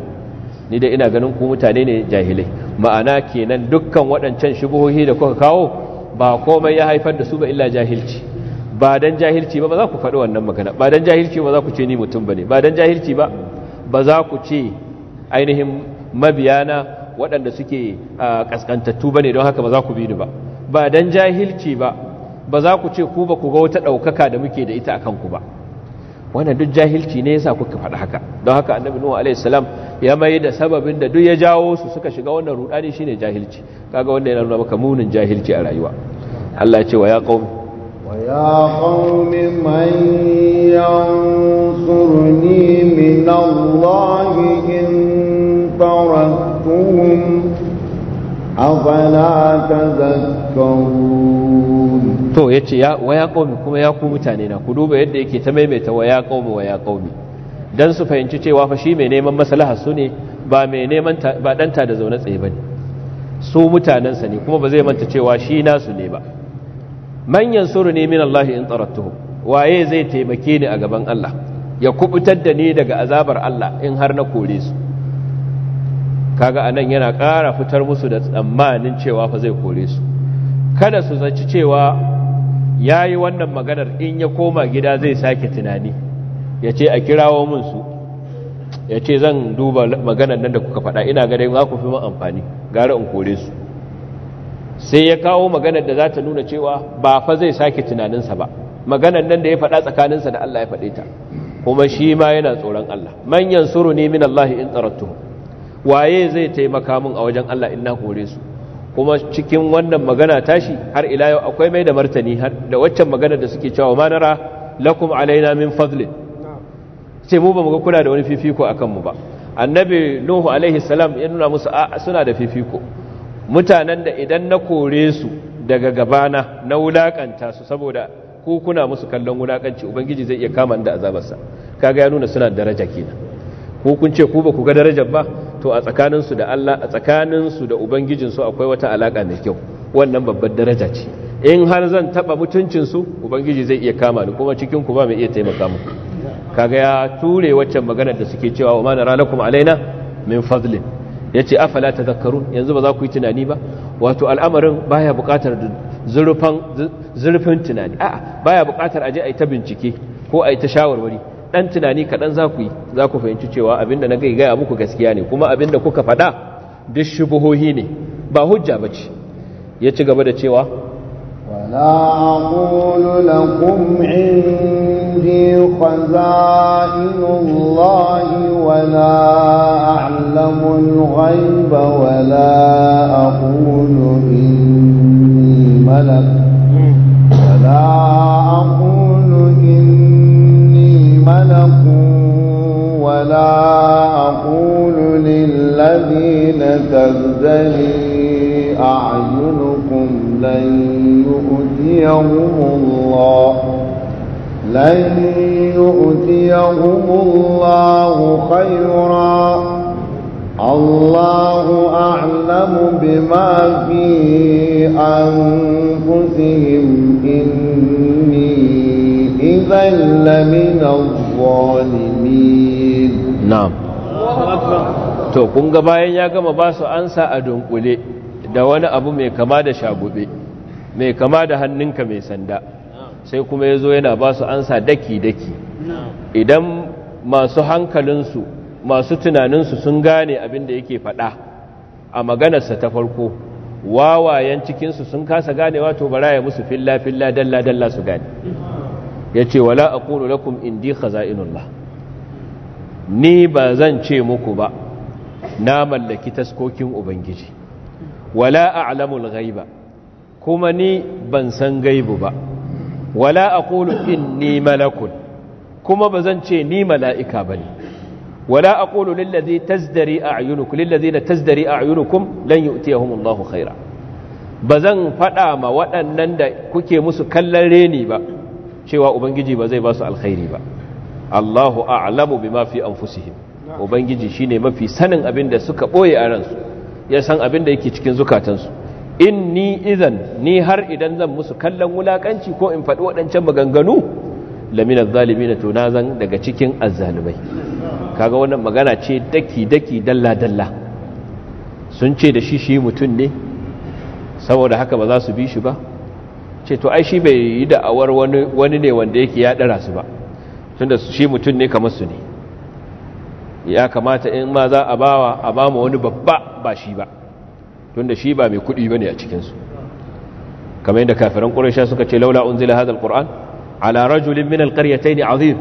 ni da ina ganin ku mutane ne jahilai ma'ana kenan dukkan waɗancan shubuhohi da kuka kawo ba komai ya haifar da su ba illa jahilci ba dan jahilci ba ba za ku faɗi wannan magana ba dan jahilci ba za ku ce ni mutum bane ba dan jahilci ba ba za ku ce ainihin mabiyana waɗanda suke kaskantattu ah, bane don haka ba za ku bi ni ba ba don jahilci ba ba za ku ce ku ba ku ga wata ɗaukaka da muke da ita a kanku ba wannan duk jahilci ne yasa kuka faɗi haka don haka annabi nuhu alaihi salam ya mai da sababin da duk ya jawo su suka shiga wannan rudani shine jahilci kaga wanda yana nuna maka munin jahilci a rayuwa Allah ya ce wa ya qaumi wa ya qaumi man yansurni min Allahi in taraktuhum afala tazakkarun ya تو يتي يا ويا قومي كما يا قومي تانينا ku duba yadda yake ta maimaita waya wa ya qaumi dan su fahimci cewa fa shi mai neman maslaha su ne ba mai danta da zaune tsaye bane su mutanensa ne kuma ba zai manta cewa shi nasu ne ba manyan suru ne min Allah in tarattuhu waye zai taimake ni a gaban Allah ya kubutar da ni daga azabar Allah in har na kore su kaga anan yana ƙara fitar musu da tsammanin cewa fa zai kore su kada su zaci cewa ya yi wannan maganar in ya koma gida zai sake tunani ya ce a kirawo mun su ya ce zan duba maganar nan da kuka faɗa ina gada za ku fi mun amfani gara in kore su sai ya kawo maganar da za ta nuna cewa ba fa zai sake tunaninsa ba maganar nan da ya faɗa tsakaninsa da Allah ya faɗe ta kuma shi ma yana tsoron Allah manyan suru ne min Allah in tsarattu waye zai taimaka min a wajen Allah in na kore su kuma cikin wannan magana tashi har ila yau akwai mai da martani da waccan magana da suke cewa ma nara lakum alaina min fadlin sai mu ba mu ga kula da wani fifiko akan mu ba annabi nuhu alaihi salam ya nuna musu a suna da fifiko mutanen da idan na kore su daga gabana na wulakanta su saboda ku kuna musu kallon wulakanci ubangiji zai iya kama da azabarsa kaga ya nuna suna daraja kenan ku kun ce ku ba ku ga darajar ba to a tsakaninsu da Allah a tsakaninsu da ubangijinsu akwai wata alaka mai kyau wannan babbar daraja ce in har zan taba mutuncinsu ubangiji zai iya kama ni kuma cikin ku ba mai iya taimaka mu kaga ya ture waccan maganar da suke cewa wa mana ralakum alaina min fadlin yace afala zakaru, yanzu ba za ku yi tunani ba wato al'amarin baya buƙatar zurfin tunani a'a baya buƙatar aje a yi ta bincike ko a yi ta shawarwari dan tunani kaɗan za ku za ku fahimci cewa abinda na gai gaya muku gaskiya ne kuma abinda kuka faɗa duk shubuhohi ne ba hujja ba ce ya ci gaba da cewa wala aqulu lakum indi khaza'inullahi wala a'lamu al-ghaiba wala aqulu inni malak hmm. wala ولا أقول للذين تزدري أعينكم لن يؤتيهم الله لن يؤتيهم الله خيرا الله أعلم بما في أنفسهم إني إذا لمن الظالمين na'am to kun ga bayan ya gama ba su ansa a dunkule da wani abu mai kama da shagube mai kama da hannunka mai sanda sai kuma ya zo yana ba su ansa daki-daki idan masu hankalinsu masu tunaninsu sun gane abin da yake faɗa a maganarsa ta farko wawayen cikinsu sun kasa gane wato bara musu filla-filla dalla-dalla su gane ya ce wala a lakum indi khaza'inullah ni ba zan ce muku ba na mallaki taskokin ubangiji wala a a'lamul ghaiba kuma ni ban san gaibu ba wala a in ni malakun kuma ba zan ce ni mala'ika bane ولا أقول للذي تزدري أعينكم للذين تزدري أعينكم لن يؤتيهم الله خيرا بزن فدا ما waɗannan da kuke musu kallare ni ba cewa ubangiji ba zai ba su alkhairi ba Allahu a'lamu mafi fi anfusihim ubangiji shine mafi sanin abin da suka ɓoye a ransu ya san abin da yake cikin zukatansu in ni izan ni har idan zan musu kallon wulakanci ko in faɗi waɗancan maganganu lamina zalimi na tona zan daga cikin azzalumai kaga wannan magana ce daki-daki dalla-dalla sun ce da shi shi mutum ne saboda haka ba za su bi shi ba ce to ai shi bai yi awar wani ne wanda yake ya ɗara su ba tunda shi mutum ne kamar su ne ya kamata in ma za a bawa a ba wani babba ba shi ba tunda shi ba mai kuɗi bane ne a cikinsu kamar yadda kafiran ƙuraisha suka ce laula unzila hadha alquran ala rajulin min alqaryatayn azim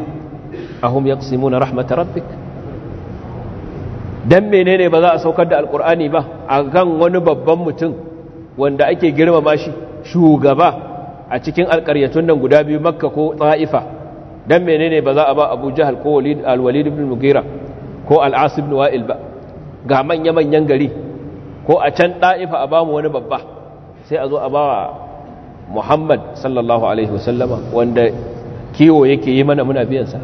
ahum yaqsimuna rahmat rabbik dan menene ba za a saukar da alqurani ba a kan wani babban mutum wanda ake girmama shi shugaba a cikin alƙaryatun nan guda biyu makka ko ta'ifa dan menene ba za a ba Abu Jahal ko Walid al-Walid ibn Mughira ko al-As ibn Wa'il ba ga manya manyan gari ko a can Da'ifa a ba mu wani babba sai a zo a ba Muhammad sallallahu alaihi wasallama wanda kiwo yake yi mana muna biyan sa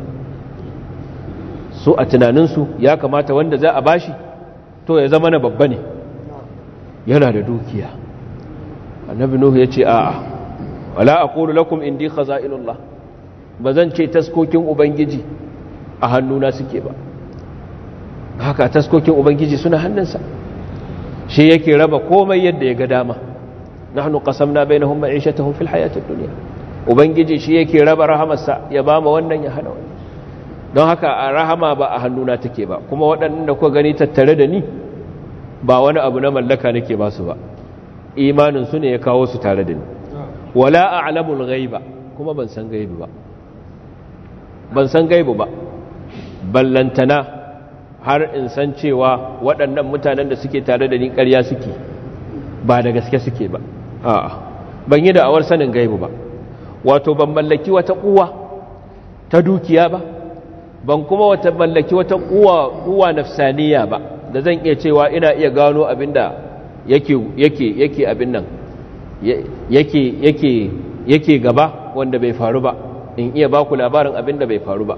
su a tunanin su ya kamata wanda za a bashi to ya zama na babba ne yana da dukiya annabi nuhu yace a'a wala aqulu lakum indi khaza'ilullah ba zan ce taskokin ubangiji a hannuna suke ba haka taskokin ubangiji suna hannunsa shi yake raba komai yadda ya ga dama nahnu qasamna bainahum ma'ishatahum fil hayatid dunya ubangiji shi yake raba rahamarsa ya ba mu wannan ya hana wannan don haka a rahama ba a hannuna take ba kuma waɗannan da kuka gani tattare da ni ba wani abu na mallaka nake ba su ba imanin su ne ya kawo su tare da ni wala a'lamul ghaiba kuma ban san gaibi ba ban san gaibu ba ballantana har in san cewa waɗannan mutanen da suke tare da ni ƙarya suke ba da gaske suke ba a'a ban yi da'awar sanin gaibu ba wato ban mallaki wata kuwa ta dukiya ba ban kuma wata mallaki wata kuwa kuwa nafsaniya ba da zan iya cewa ina iya gano abinda yake yake abin nan yake yake yake gaba wanda bai faru ba in iya ba ku labarin abin da bai faru ba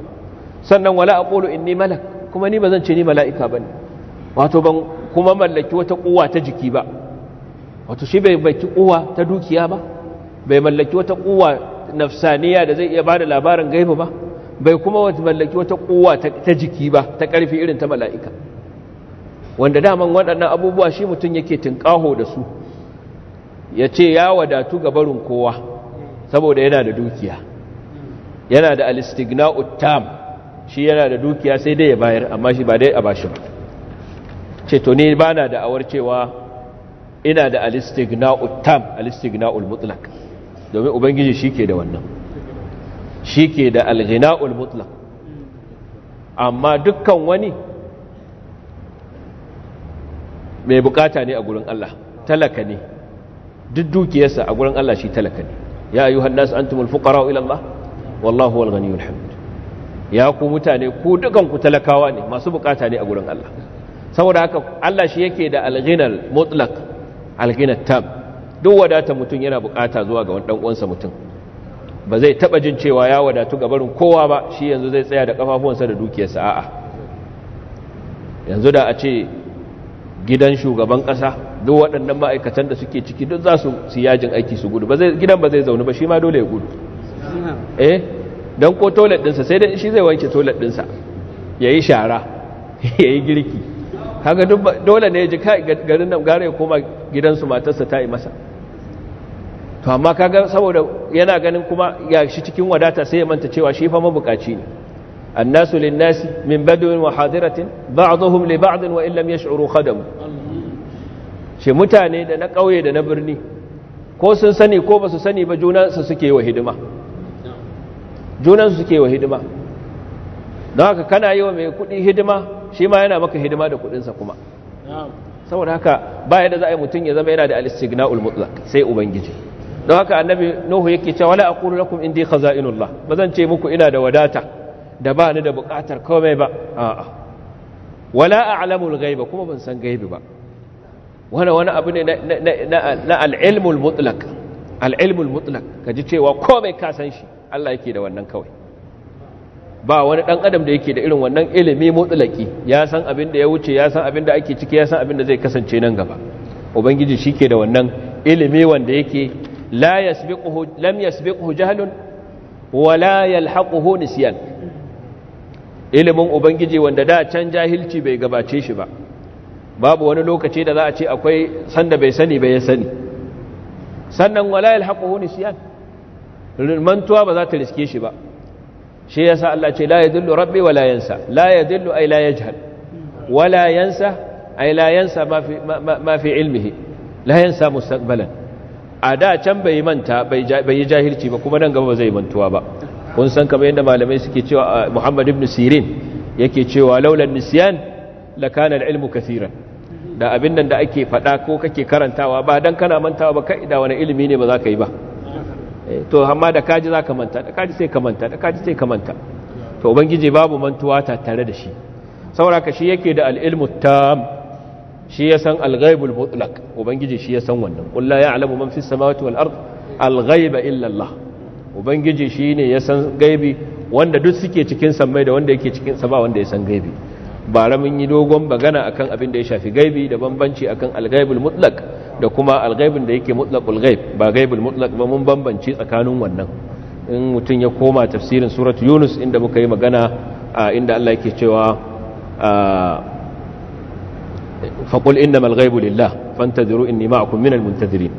sannan wala aqulu inni malak kuma ni bazan ce ni mala'ika bane wato ban kuma mallaki wata kuwa ta jiki ba wato shi bai baki kuwa ta dukiya ba bai mallaki wata kuwa nafsaniya da zai iya bada labarin gaibu ba bai kuma wata mallaki wata kuwa ta jiki ba ta karfi irin ta mala'ika wanda daman waɗannan abubuwa shi mutum yake tinkaho da su ya ce ya wadatu ga barin kowa saboda yana da dukiya yana da alistigna utam shi yana da dukiya sai dai ya bayar amma shi ba dai a bashi ba ce to ni bana da awar cewa ina da alistigna utam alistigna ul-mutlak domin ubangiji shi ke da wannan shi ke da al-ghina'ul amma dukkan wani mai bukata ne a gurin Allah talaka ne duk dukiyarsa a gurin Allah shi talaka ne ya ayyuhan nas antumul fuqara ila Allah wallahu wal hamid ya ku mutane ku dukan ku talakawa ne masu bukata ne a gurin Allah saboda haka Allah shi yake da alghinal mutlaq alghinat tam duk wadata mutum yana bukata zuwa ga wani dan uwansa mutum ba zai taba jin cewa ya wadatu ga barin kowa ba shi yanzu zai tsaya da kafafuwansa da dukiyarsa a'a yanzu da a ce gidan shugaban kasa duk waɗannan ma'aikatan da suke ciki duk za su yajin aiki su gudu gidan ba zai zaune ba shi ma dole ya gudu eh Dan ko toilet ɗinsa sai dai shi zai wanke toilet ɗinsa ya yi shara ya yi girki haka dole ne ya ji garin nan gara ya koma gidansu matarsa ta yi masa to amma kaga saboda yana ganin kuma ya cikin wadata sai ya manta cewa shi fa mabukaci ne annasu linnasi min badwin wa hadiratin ba'dhum li ba'd wa in lam yash'uru khadam shi mutane da na kauye da na birni ko sun sani ko ba su sani ba junansu suke wa hidima su suke wa hidima don haka kana yi wa mai kuɗi hidima shi ma yana maka hidima da kuɗinsa kuma saboda haka ba yadda za a yi mutum ya zama yana da al-istighna'ul sai ubangiji don haka annabi nuhu yake cewa wala aqulu lakum indi khaza'inullah bazan ce muku ina da wadata da ba ni da bukatar komai ba a'a wala a'lamul ghaiba kuma ban san gaibi ba wani wani abu ne na al-ilmul mutlaq al-ilmul mutlaq kaji cewa komai ka san shi Allah yake da wannan kawai ba wani dan adam da yake da irin wannan ilimi mutsalaki ya san abin da ya wuce ya san abin da ake ciki ya san abin da zai kasance nan gaba ubangiji shike da wannan ilimi wanda yake la yasbiquhu lam yasbiquhu jahlun wa la yalhaquhu nisyan ilimin ubangiji wanda da can jahilci bai gabace shi ba babu wani lokaci da za a ce akwai sanda bai sani bai ya sani sannan wala yalhaquhu nisyan mantuwa ba za ta riske shi ba shi yasa Allah ce la yadullu rabbi wala yansa la yadullu ay la yajhal wala yansa ay la yansa ma fi ma fi ilmihi la yansa mustaqbalan a da can bai manta bai yi jahilci ba kuma nan gaba ba zai mantuwa ba kun san kamar yadda malamai suke cewa Muhammad ibn Sirin yake cewa laulan nisyan lakana al-ilmu da abin nan da ake faɗa ko kake karantawa ba dan kana mantawa ba kai da wani ilimi ne ba za ka yi ba Eh, to amma da kaji za ka manta da kaji sai ka manta da kaji sai ka manta to ubangiji babu mantuwa ta tare da shi ka shi yake da al'ilmu tam shi ya san al-ghaibul mutlaq ubangiji shi ya san wannan qul la ya'lamu man fis samawati wal ard al-ghaiba illa Allah ubangiji shine ya san gaibi wanda duk suke cikin samai da wanda yake cikin sama wanda ya san gaibi bara mun yi dogon magana akan abin da ya shafi gaibi da bambanci akan algaibul mutlaq da kuma algaibin da yake mutlaqul gaib ba gaibul mutlaq ba mun bambanci tsakanin wannan in mutun ya koma tafsirin surat yunus inda muka yi magana inda Allah yake cewa faqul innamal ghaibu lillah fantadiru inni ma'akum minal muntazirin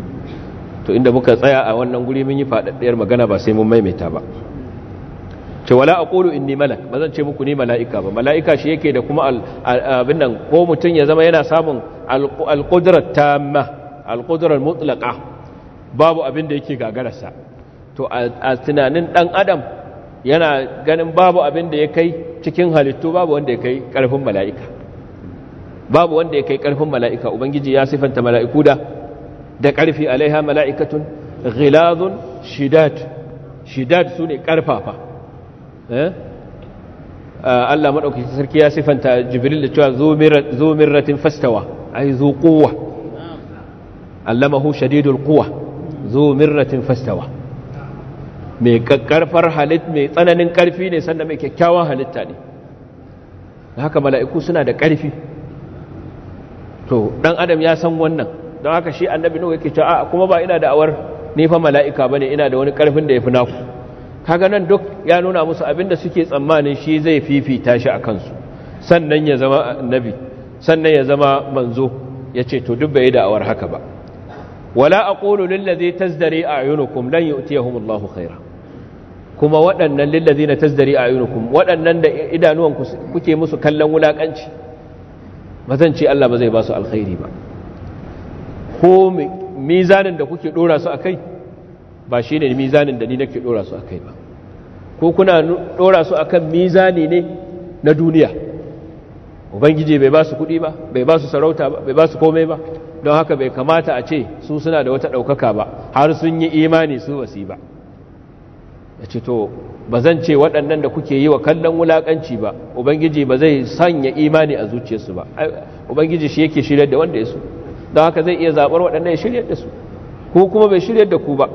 to inda muka tsaya a wannan guri mun yi fadaddiyar magana ba sai mun maimaita ba ce wala aqulu inni malak ba zan ce muku ni mala'ika ba mala'ika shi yake da kuma abin nan ko mutum ya zama yana samun alqudrat tamma alqudrat mutlaqa babu abin da yake gagararsa to a tunanin ɗan adam yana ganin babu abin da ya kai cikin halittu babu wanda ya kai ƙarfin mala'ika babu wanda ya kai karfin mala'ika ubangiji ya sifanta mala'iku da da karfi alaiha mala'ikatun ghilazun shidad shidad sune ƙarfafa. Eh? Ah, Allah maɗaukacin sarki ya sifanta jibril da cewa zo mirratin fastawa ai zo kowa allamahu shadidul kowa zo fastawa mai karfar halitta mai tsananin karfi ne sannan mai kyakkyawan halitta ne haka mala'iku suna da ƙarfi. to ɗan adam ya san wannan don haka shi annabi nuhu yake cewa kuma ba ina da awar nifa mala'ika ba ne ina da wani ƙarfin da ya fi naku kaga nan duk ya nuna musu abinda suke tsammanin shi zai fifita shi a kansu sannan ya zama annabi sannan ya zama manzo ya ce to duk bai da'awar haka ba wala aqulu lil ladzi tazdari a'yunukum lan yu'tiyahumullahu khaira kuma waɗannan lil ladzina tazdari a'yunukum waɗannan da idanuwan kuke musu kallon wulakanci bazan ce Allah ba zai ba su alkhairi ba ko mizanin da kuke dora su akai ba shi ne mizanin da ni nake dora su a kai ba ko kuna dora su akan mizani ne na duniya ubangiji bai ba su kudi ba bai ba su sarauta ba bai ba su komai ba don haka bai kamata a ce su suna da wata ɗaukaka ba har sun yi imani su wasi ba ya ce to ba zan ce waɗannan da kuke yi wa kallon wulaƙanci ba ubangiji ba zai sanya imani a zuciyarsu ba ubangiji shi yake shiryar da wanda ya su don haka zai iya zaɓar waɗannan ya shiryar da su ko kuma bai shiryar da ku ba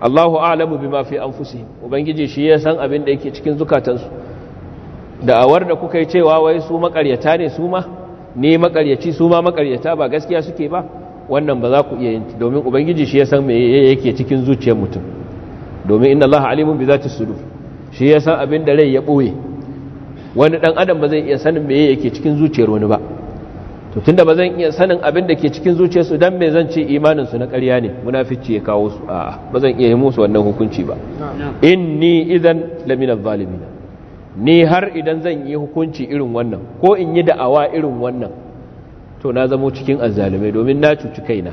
Allahu a'lamu bima fi anfusihim ubangiji shi ya san abin da yake cikin zukatansu da'awar da kuka yi cewa wai su makaryata ne su ma ne makaryaci su ma makaryata ba gaskiya suke ba wannan ba za ku iya yin domin ubangiji shi ya san me yake cikin zuciyar mutum domin inna Allahu alimun bi zati sudur shi ya san abin da rai ya boye wani dan adam ba zai iya sanin me yake cikin zuciyar wani ba to tunda ba iya sanin abin da ke cikin zuciyarsu dan me zan ce imanin su na ƙarya ne munafici ya kawo su a'a, ba iya yi musu wannan hukunci ba inni idan lamina zalimina ni har idan zan yi hukunci irin wannan ko in yi da'awa irin wannan to na zamo cikin azzalume domin na cuci kaina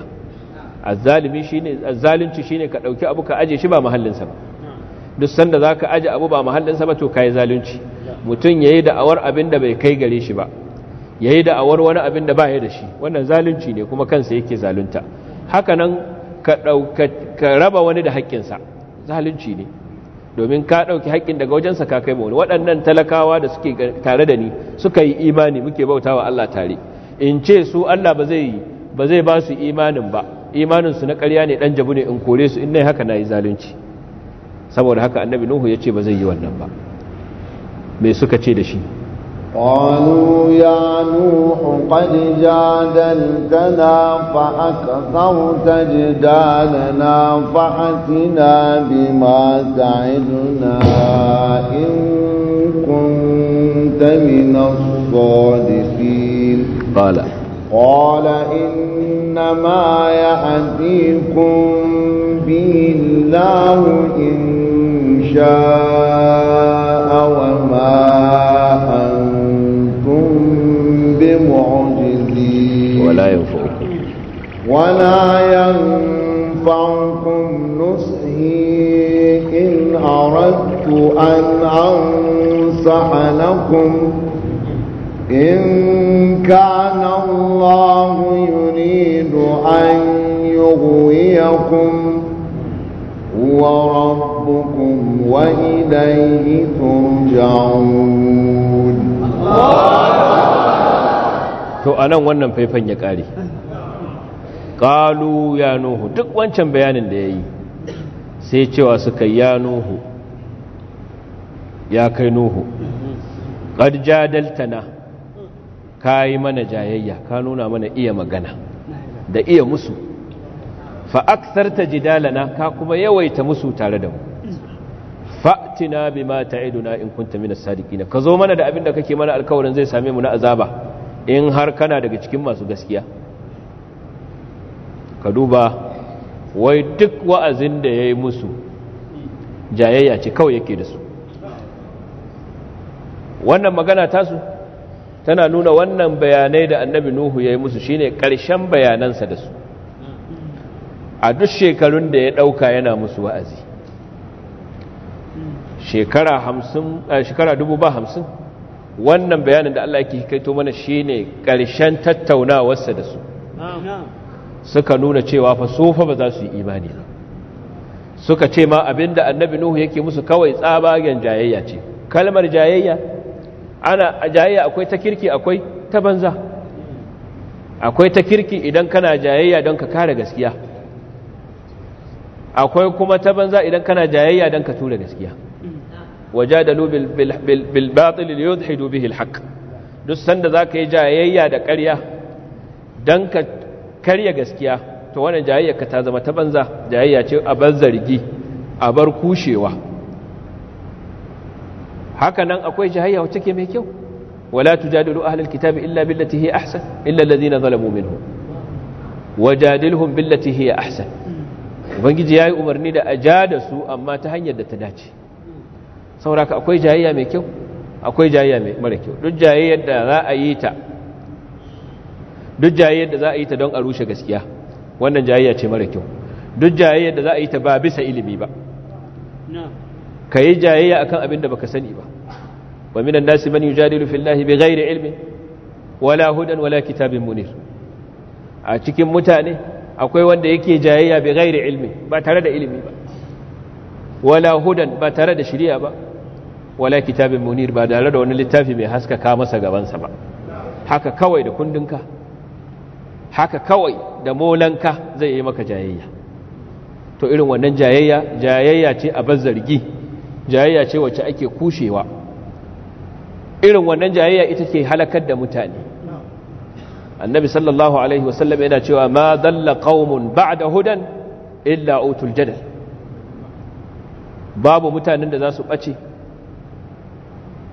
azzalimi shine azzalunci shine ka dauki abu ka aje shi ba mahallinsa ba duk sanda zaka aje abu ba sa ba to kai zalunci mutun yayi da'awar abin da bai kai gare shi ba ya yi da'awar wani abin da ba ya da shi wannan zalunci ne kuma kansa yake zalunta haka nan ka raba wani da haƙƙinsa zalunci ne domin ka ɗauki haƙƙin daga wajensa ka kai wani waɗannan talakawa da suke tare da ni suka yi imani muke bauta wa Allah tare in ce su Allah ba zai ba su imanin ba imaninsu na ƙarya ne dan jabu ne in kore su in nayi haka yi zalunci saboda haka annabi nuhu ya ce ba zai yi wannan ba me suka ce da shi قالوا يا نوح قد جادلتنا فأكثرت جدالنا فأتنا بما تعدنا إن كنت من الصادقين قال قال إنما يأتيكم به الله إن شاء وما أن بمعجزين ولا ينفعكم ولا ينفعكم نصحي إن أردت أن أنصح لكم إن كان الله يريد أن يغويكم هو ربكم وإليه ترجعون الله to a nan wannan faifan ya kare ƙalu ya nuhu duk wancan bayanin da ya yi sai cewa suka ya nuhu ya kai nuhu na, ka yi mana jayayya ka nuna mana iya magana da iya musu fa ji na, ka kuma yawaita musu tare da mu fa'tina bima ta'iduna in kunta minas sadiqina ka zo mana da abin da kake mana alkawarin zai same mu na azaba in har kana daga cikin masu gaskiya ka duba wai duk wa'azin da ya yi musu jayayya ce kawai yake da su wannan magana tasu tana nuna wannan bayanai da annabi nuhu ya yi musu shine ƙarshen bayanansa da su a duk shekarun da ya ɗauka yana musu wa'azi shekara dubu ba hamsin wannan bayanin da Allah yake kaito mana shine ƙarshen tattaunawarsa da su suka nuna cewa fa sofa ba za su yi imani ba suka ce ma abinda annabi nuhu yake musu kawai tsabagen jayayya ce kalmar jayayya ana jayayya akwai ta kirki akwai ta banza akwai ta kirki idan kana jayayya don ka kare gaskiya akwai kuma ta banza idan kana jayayya don ka tura gaskiya wajadalu bil batil liyudhidu bihi alhaq duk sanda zaka yi jayayya da ƙarya don ka karya gaskiya to wannan jayayya ka ta zama ta banza jayayya ce a bar zargi a bar kushewa haka nan akwai jayayya wacce ke mai kyau wala ولا تجادلوا أهل الكتاب إلا بالتي هي أحسن إلا الذين ظلموا منهم وجادلهم بالتي هي ahsan ubangiji ya yi umarni da a ja da su amma ta hanyar da ta dace sauraka akwai jayayya mai kyau akwai jayayya mai mara kyau duk jayayyar da za a yi ta duk jayayyar da za a yi ta don a rushe gaskiya wannan jayayya ce mara kyau duk jayayyar da za a yi ta ba bisa ilimi ba ka yi jayayya akan abin da baka sani ba wa minan nasi man yujadilu fillahi ghairi ilmi wala hudan wala kitabin munir a cikin mutane akwai wanda yake jayayya ghairi ilmi ba tare da ilimi ba wala hudan ba tare da shari'a ba wala kitabin munir ba tare da wani littafi mai haskaka masa gabansa ba haka kawai da kundinka haka kawai da molanka zai yi maka jayayya to irin wannan jayayya jayayya ce a bazzargi jayayya ce wacce ake kushewa irin wannan jayayya ita ke halakar da mutane annabi sallallahu alaihi wasallam yana cewa ma dalla qaumun ba'da hudan illa utul jadal babu mutanen da za su bace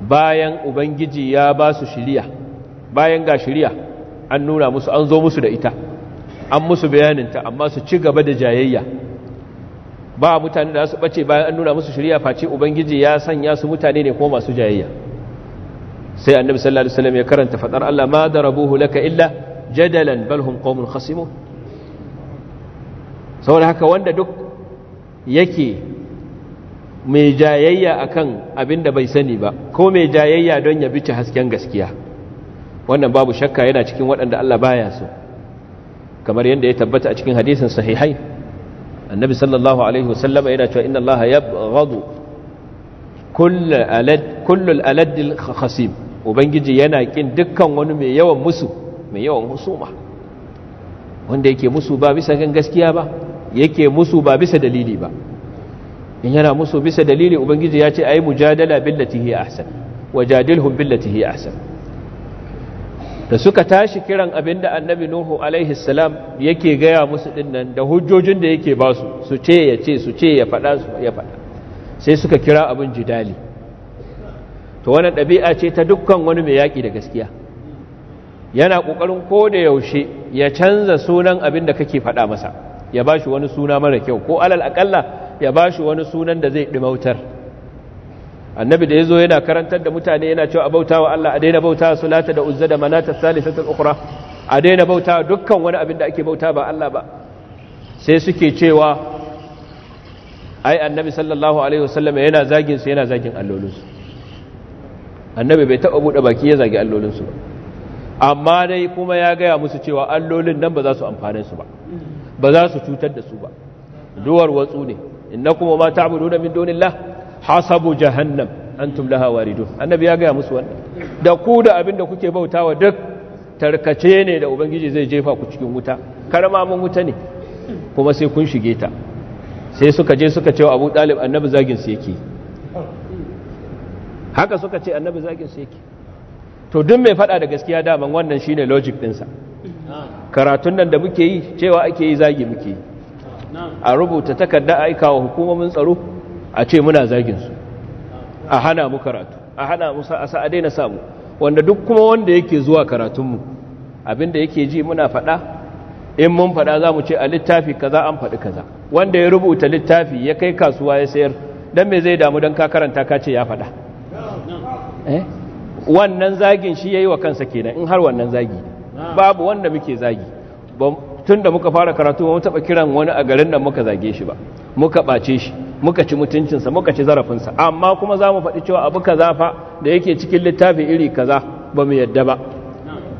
bayan ubangiji ya ba su shiriya bayan ga shirya an nuna musu an zo musu da ita an musu bayaninta amma su ci gaba da jayayya ba mutane da su bace bayan an nuna musu shiriya face ubangiji ya sanya su mutane ne ko masu jayayya sai annabi sallallahu alaihi wasallam ya karanta fadar Allah ma darabuhu laka illa jadalan bal hum qaumun khasimun saboda haka wanda duk yake mai jayayya akan abin da bai sani ba ko mai jayayya don ya bici hasken gaskiya wannan babu shakka yana cikin waɗanda Allah baya su kamar yadda ya tabbata a cikin hadisin sahihai annabi sallallahu alaihi wasallama yana cewa inna Allah yabghadu kullu alad kullu khasim ubangiji yana kin dukkan wani mai yawan musu mai yawan husuma wanda yake musu ba bisa gan gaskiya ba yake musu ba bisa dalili ba in yana musu bisa dalili ubangiji ya ce ayi mujadala billati hi ahsan wajadilhum billati hi ahsan da suka tashi kiran abinda annabi nuhu alaihi salam yake gaya musu dinnan da hujjojin da yake ba su su ce ya ce su ce ya faɗa su ya faɗa sai suka kira abin jidali to wannan ɗabi'a ce ta dukkan wani mai yaƙi da gaskiya yana ƙoƙarin ko da yaushe ya canza sunan abin da kake faɗa masa ya ba shi wani suna mara kyau ko alal aƙalla ya ba shi wani sunan da zai ɗimautar annabi da ya zo yana karantar da mutane yana cewa a bauta wa Allah a daina bauta sulata da uzza da manata salisatul ukura a daina bauta dukkan wani abin da ake bauta ba Allah ba sai suke cewa ai annabi sallallahu alaihi wasallam yana zagin su yana zagin allolinsu annabi bai taɓa buɗe baki ya zagi allolinsu ba amma dai kuma ya gaya musu cewa allolin nan ba za su amfane su ba ba za su cutar da su ba duwar watsu ne innakum ma ta'buduna min dunillah hasabu jahannam antum laha waridun annabi ya ga musu wannan da ku da abin da kuke bautawa duk tarkace ne da ubangiji zai jefa ku cikin wuta karama mun wuta ne kuma sai kun shige ta sai suka je suka cewa Abu Talib annabi zagin su yake haka suka ce annabi zagin su yake to duk mai fada da gaskiya daman wannan shine logic dinsa karatun nan da muke yi cewa ake yi zagi muke yi a rubuta takarda aika wa hukumomin tsaro a ce muna zagin su a hana mu karatu a hana mu sa a daina samu wanda duk kuma wanda yake zuwa karatunmu abinda yake ji muna faɗa in mun faɗa za mu ce a littafi kaza an faɗi kaza wanda ya rubuta littafi ya kai kasuwa ya sayar don me zai damu don ka karanta ka ce ya faɗa eh? wannan zagin shi ya yi wa kansa kenan in har wannan zagi babu wanda muke zagi tun da muka fara karatu mu taɓa kiran wani a garin da muka zage shi ba muka ɓace shi muka ci mutuncinsa muka ci zarafinsa amma kuma za mu faɗi cewa abu kaza fa da yake cikin littafi iri kaza ba mu yadda ba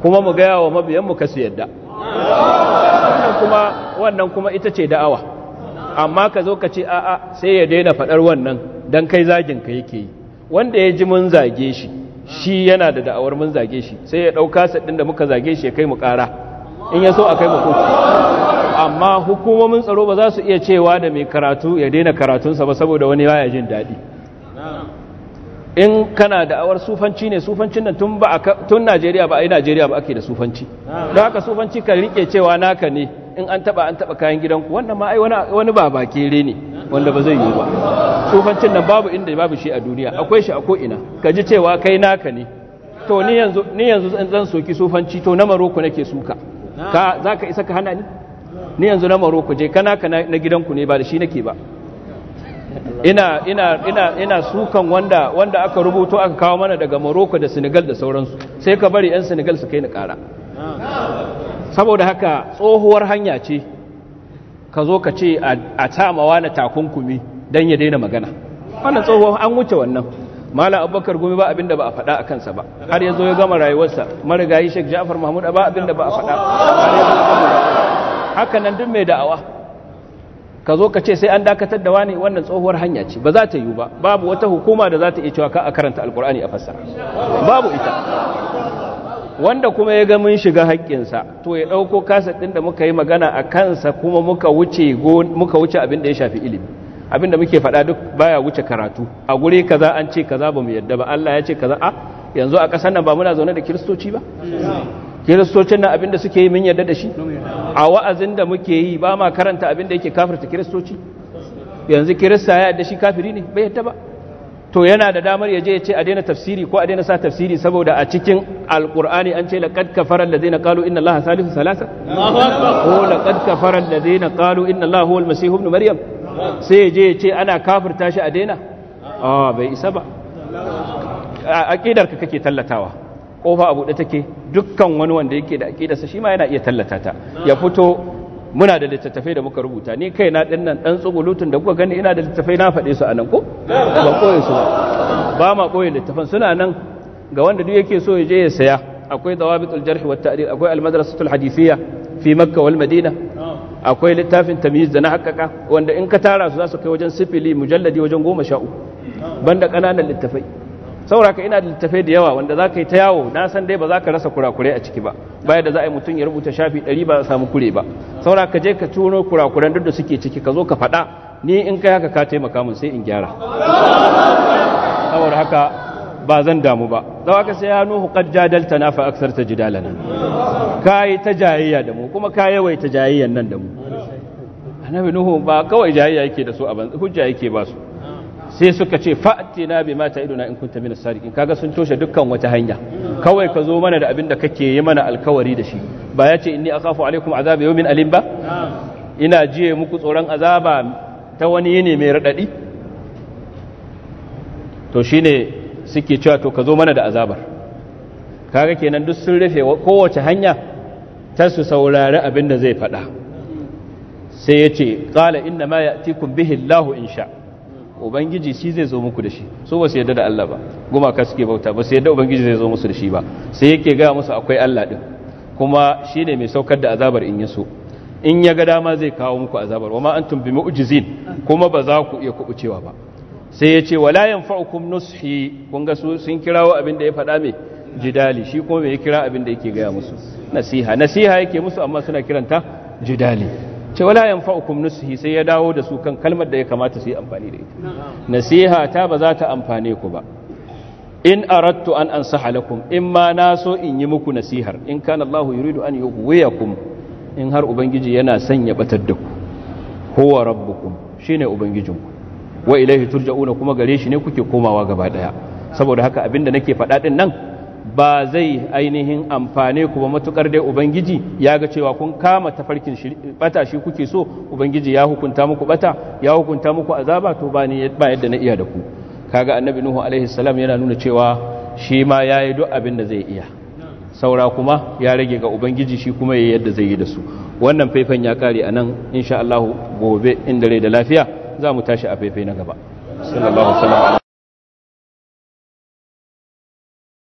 kuma mu gaya wa mabiyanmu ka su yadda wannan kuma ita ce da'awa amma ka zo ka ce a'a sai ya daina faɗar wannan don kai zagin ka yake yi wanda ya ji mun zage shi shi yana da da'awar mun zage shi sai ya ɗauka saɗin da muka zage shi ya kai mu ƙara in ya so a kai makoci amma hukumomin tsaro ba za su iya cewa da mai karatu ya daina karatunsa ba saboda wani ya jin daɗi in kana da awar sufanci ne sufancin nan tun ba tun Najeriya ba yi Najeriya ba ake da sufanci don haka sufanci kan rike cewa naka ne in an taba an taba kayan gidanku wannan ma ai wani ba kere ne wanda ba zai yi ba sufancin nan babu inda babu shi a duniya akwai shi a ko'ina. ka ji cewa kai naka ne to ni yanzu ni yanzu zan soki sufanci to na Maroko nake suka za ka isa ka hana ni ni yanzu na maroko je kana ka na gidanku ne ba da shi nake ba ina sukan wanda wanda aka rubuto aka kawo mana daga maroko da senegal da sauransu sai ka bari yan senegal su kai ni kara saboda haka tsohuwar hanya ce ka zo ka ce a tamawa na takunkumi don ya daina magana wannan tsohuwar an wuce wannan malam abubakar gumi ba abinda ba a faɗa a kansa ba har ya zo ya gama rayuwarsa marigayi shek ja'far mahmud ba abinda ba a faɗa haka nan duk mai da'awa ka zo ka ce sai an dakatar da wani wannan tsohuwar hanya ce ba za ta yiwu ba babu wata hukuma da za ta iya cewa ka a karanta alkur'ani a fassara babu ita wanda kuma ya ga mun shiga haƙƙinsa to ya ɗauko kasa ɗin da muka yi magana a kansa kuma muka wuce abin da ya shafi ilimi abinda muke faɗa duk baya wuce karatu a guri kaza an ce kaza ba mu yadda ba Allah ya ce kaza a yanzu a ƙasar nan ba muna zaune da kiristoci ba kiristocin nan abinda suke yi mun yadda da shi a wa'azin da muke yi ba ma karanta abinda yake kafirta kiristoci yanzu kirista ya yadda shi kafiri ne bai yadda ba to yana da damar ya je ya ce a daina tafsiri ko a daina sa tafsiri saboda a cikin alkur'ani an ce laqad kafara alladheena qalu inna allaha allahu akbar ko laqad kafara alladheena qalu inna allaha huwal masih ibn maryam sai yaje je ya ce ana kafirta shi a daina a bai isa ba aƙidar ka kake tallatawa ƙofa a buɗe take dukkan wani wanda yake da shi ma yana iya tallata ta ya fito muna da littattafai da muka rubuta ni kai na ɗin nan ɗan da kuka gani ina da littattafai na faɗe su a nan ko ba koyi su ba ma littattafan suna nan ga wanda duk yake so ya je ya saya akwai dawabitul jarh wa ta'dil akwai al madrasatul hadithiyya fi makka wal madina akwai littafin tamiz da na haƙaƙa wanda in ka tara su za su kai wajen sifili mujalladi wajen goma sha uku banda ƙananan littafai sauraka ina da littafai da yawa wanda za ka yi ta yawo na san dai ba za ka rasa kurakurai a ciki ba baya da za a yi mutum ya rubuta shafi ɗari ba a samu kure ba sauraka je ka turo kurakuran duk da suke ciki ka zo ka faɗa ni in kai haka ka taimaka mun sai in gyara saboda haka ba zan damu ba Zawa ka sai ya nuhu qad jadalta na fa aksar ta jidalana kai ta jayayya da mu kuma ka yawai ta jayayyan nan da mu annabi nuhu ba kawai jayayya yake da su a banza hujja yake ba su sai suka ce fa'atina bima ta'iduna in kunta minas sadiqin kaga sun toshe dukkan wata hanya kawai ka zo mana da abin da kake yi mana alkawari da shi ba ya ce inni akhafu alaikum azab yawmin alim ba ina jiye muku tsoron azaba ta wani yini mai radadi to shine suke cewa to ka zo mana da azabar kaga kenan duk sun rufe kowace hanya ta su saurari abin da zai faɗa sai ya ce ƙala inna ma ya'tikum bihi Allahu in sha ubangiji shi zai zo muku da shi so ba su yadda da Allah ba gumaka suke bauta ba su yadda ubangiji zai zo musu da shi ba sai yake gaya musu akwai Allah din kuma shi mai saukar da azabar in yi so in ya ga dama zai kawo muku azabar wa ma antum bi mu'jizin kuma ba za ku iya kubucewa ba sai ya ce walayen yanfa'ukum nushi kun ga sun kirawo abin da ya faɗa mai jidali shi kuma me kira abin da yake gaya musu nasiha nasiha yake musu amma suna kiranta jidali ce walayen yanfa'ukum nushi sai ya dawo da su kan kalmar da ya kamata su yi amfani da ita nasiha ta ba za ta amfane ku ba in arattu an ansa lakum in ma na so in yi muku nasihar in kana Allahu yuridu an yughwiyakum in har ubangiji yana sanya ya batar da ku huwa rabbukum shine ubangijinku wa ilaihi turja'una kuma gare shi ne kuke komawa gaba daya saboda haka abinda nake faɗa din nan ba zai ainihin amfane ku ba matukar dai ubangiji ya ga cewa kun kama tafarkin bata shi kuke so ubangiji ya hukunta muku bata ya hukunta muku azaba to ba ni ba yadda na iya da ku kaga annabi nuhu alaihi salam yana nuna cewa shi ma yayi duk abin da zai iya saura kuma ya rage ga ubangiji shi kuma yayi yadda zai yi da su wannan faifan ya kare anan insha Allah gobe inda rai da lafiya za mu tashi a faifai na gaba sallallahu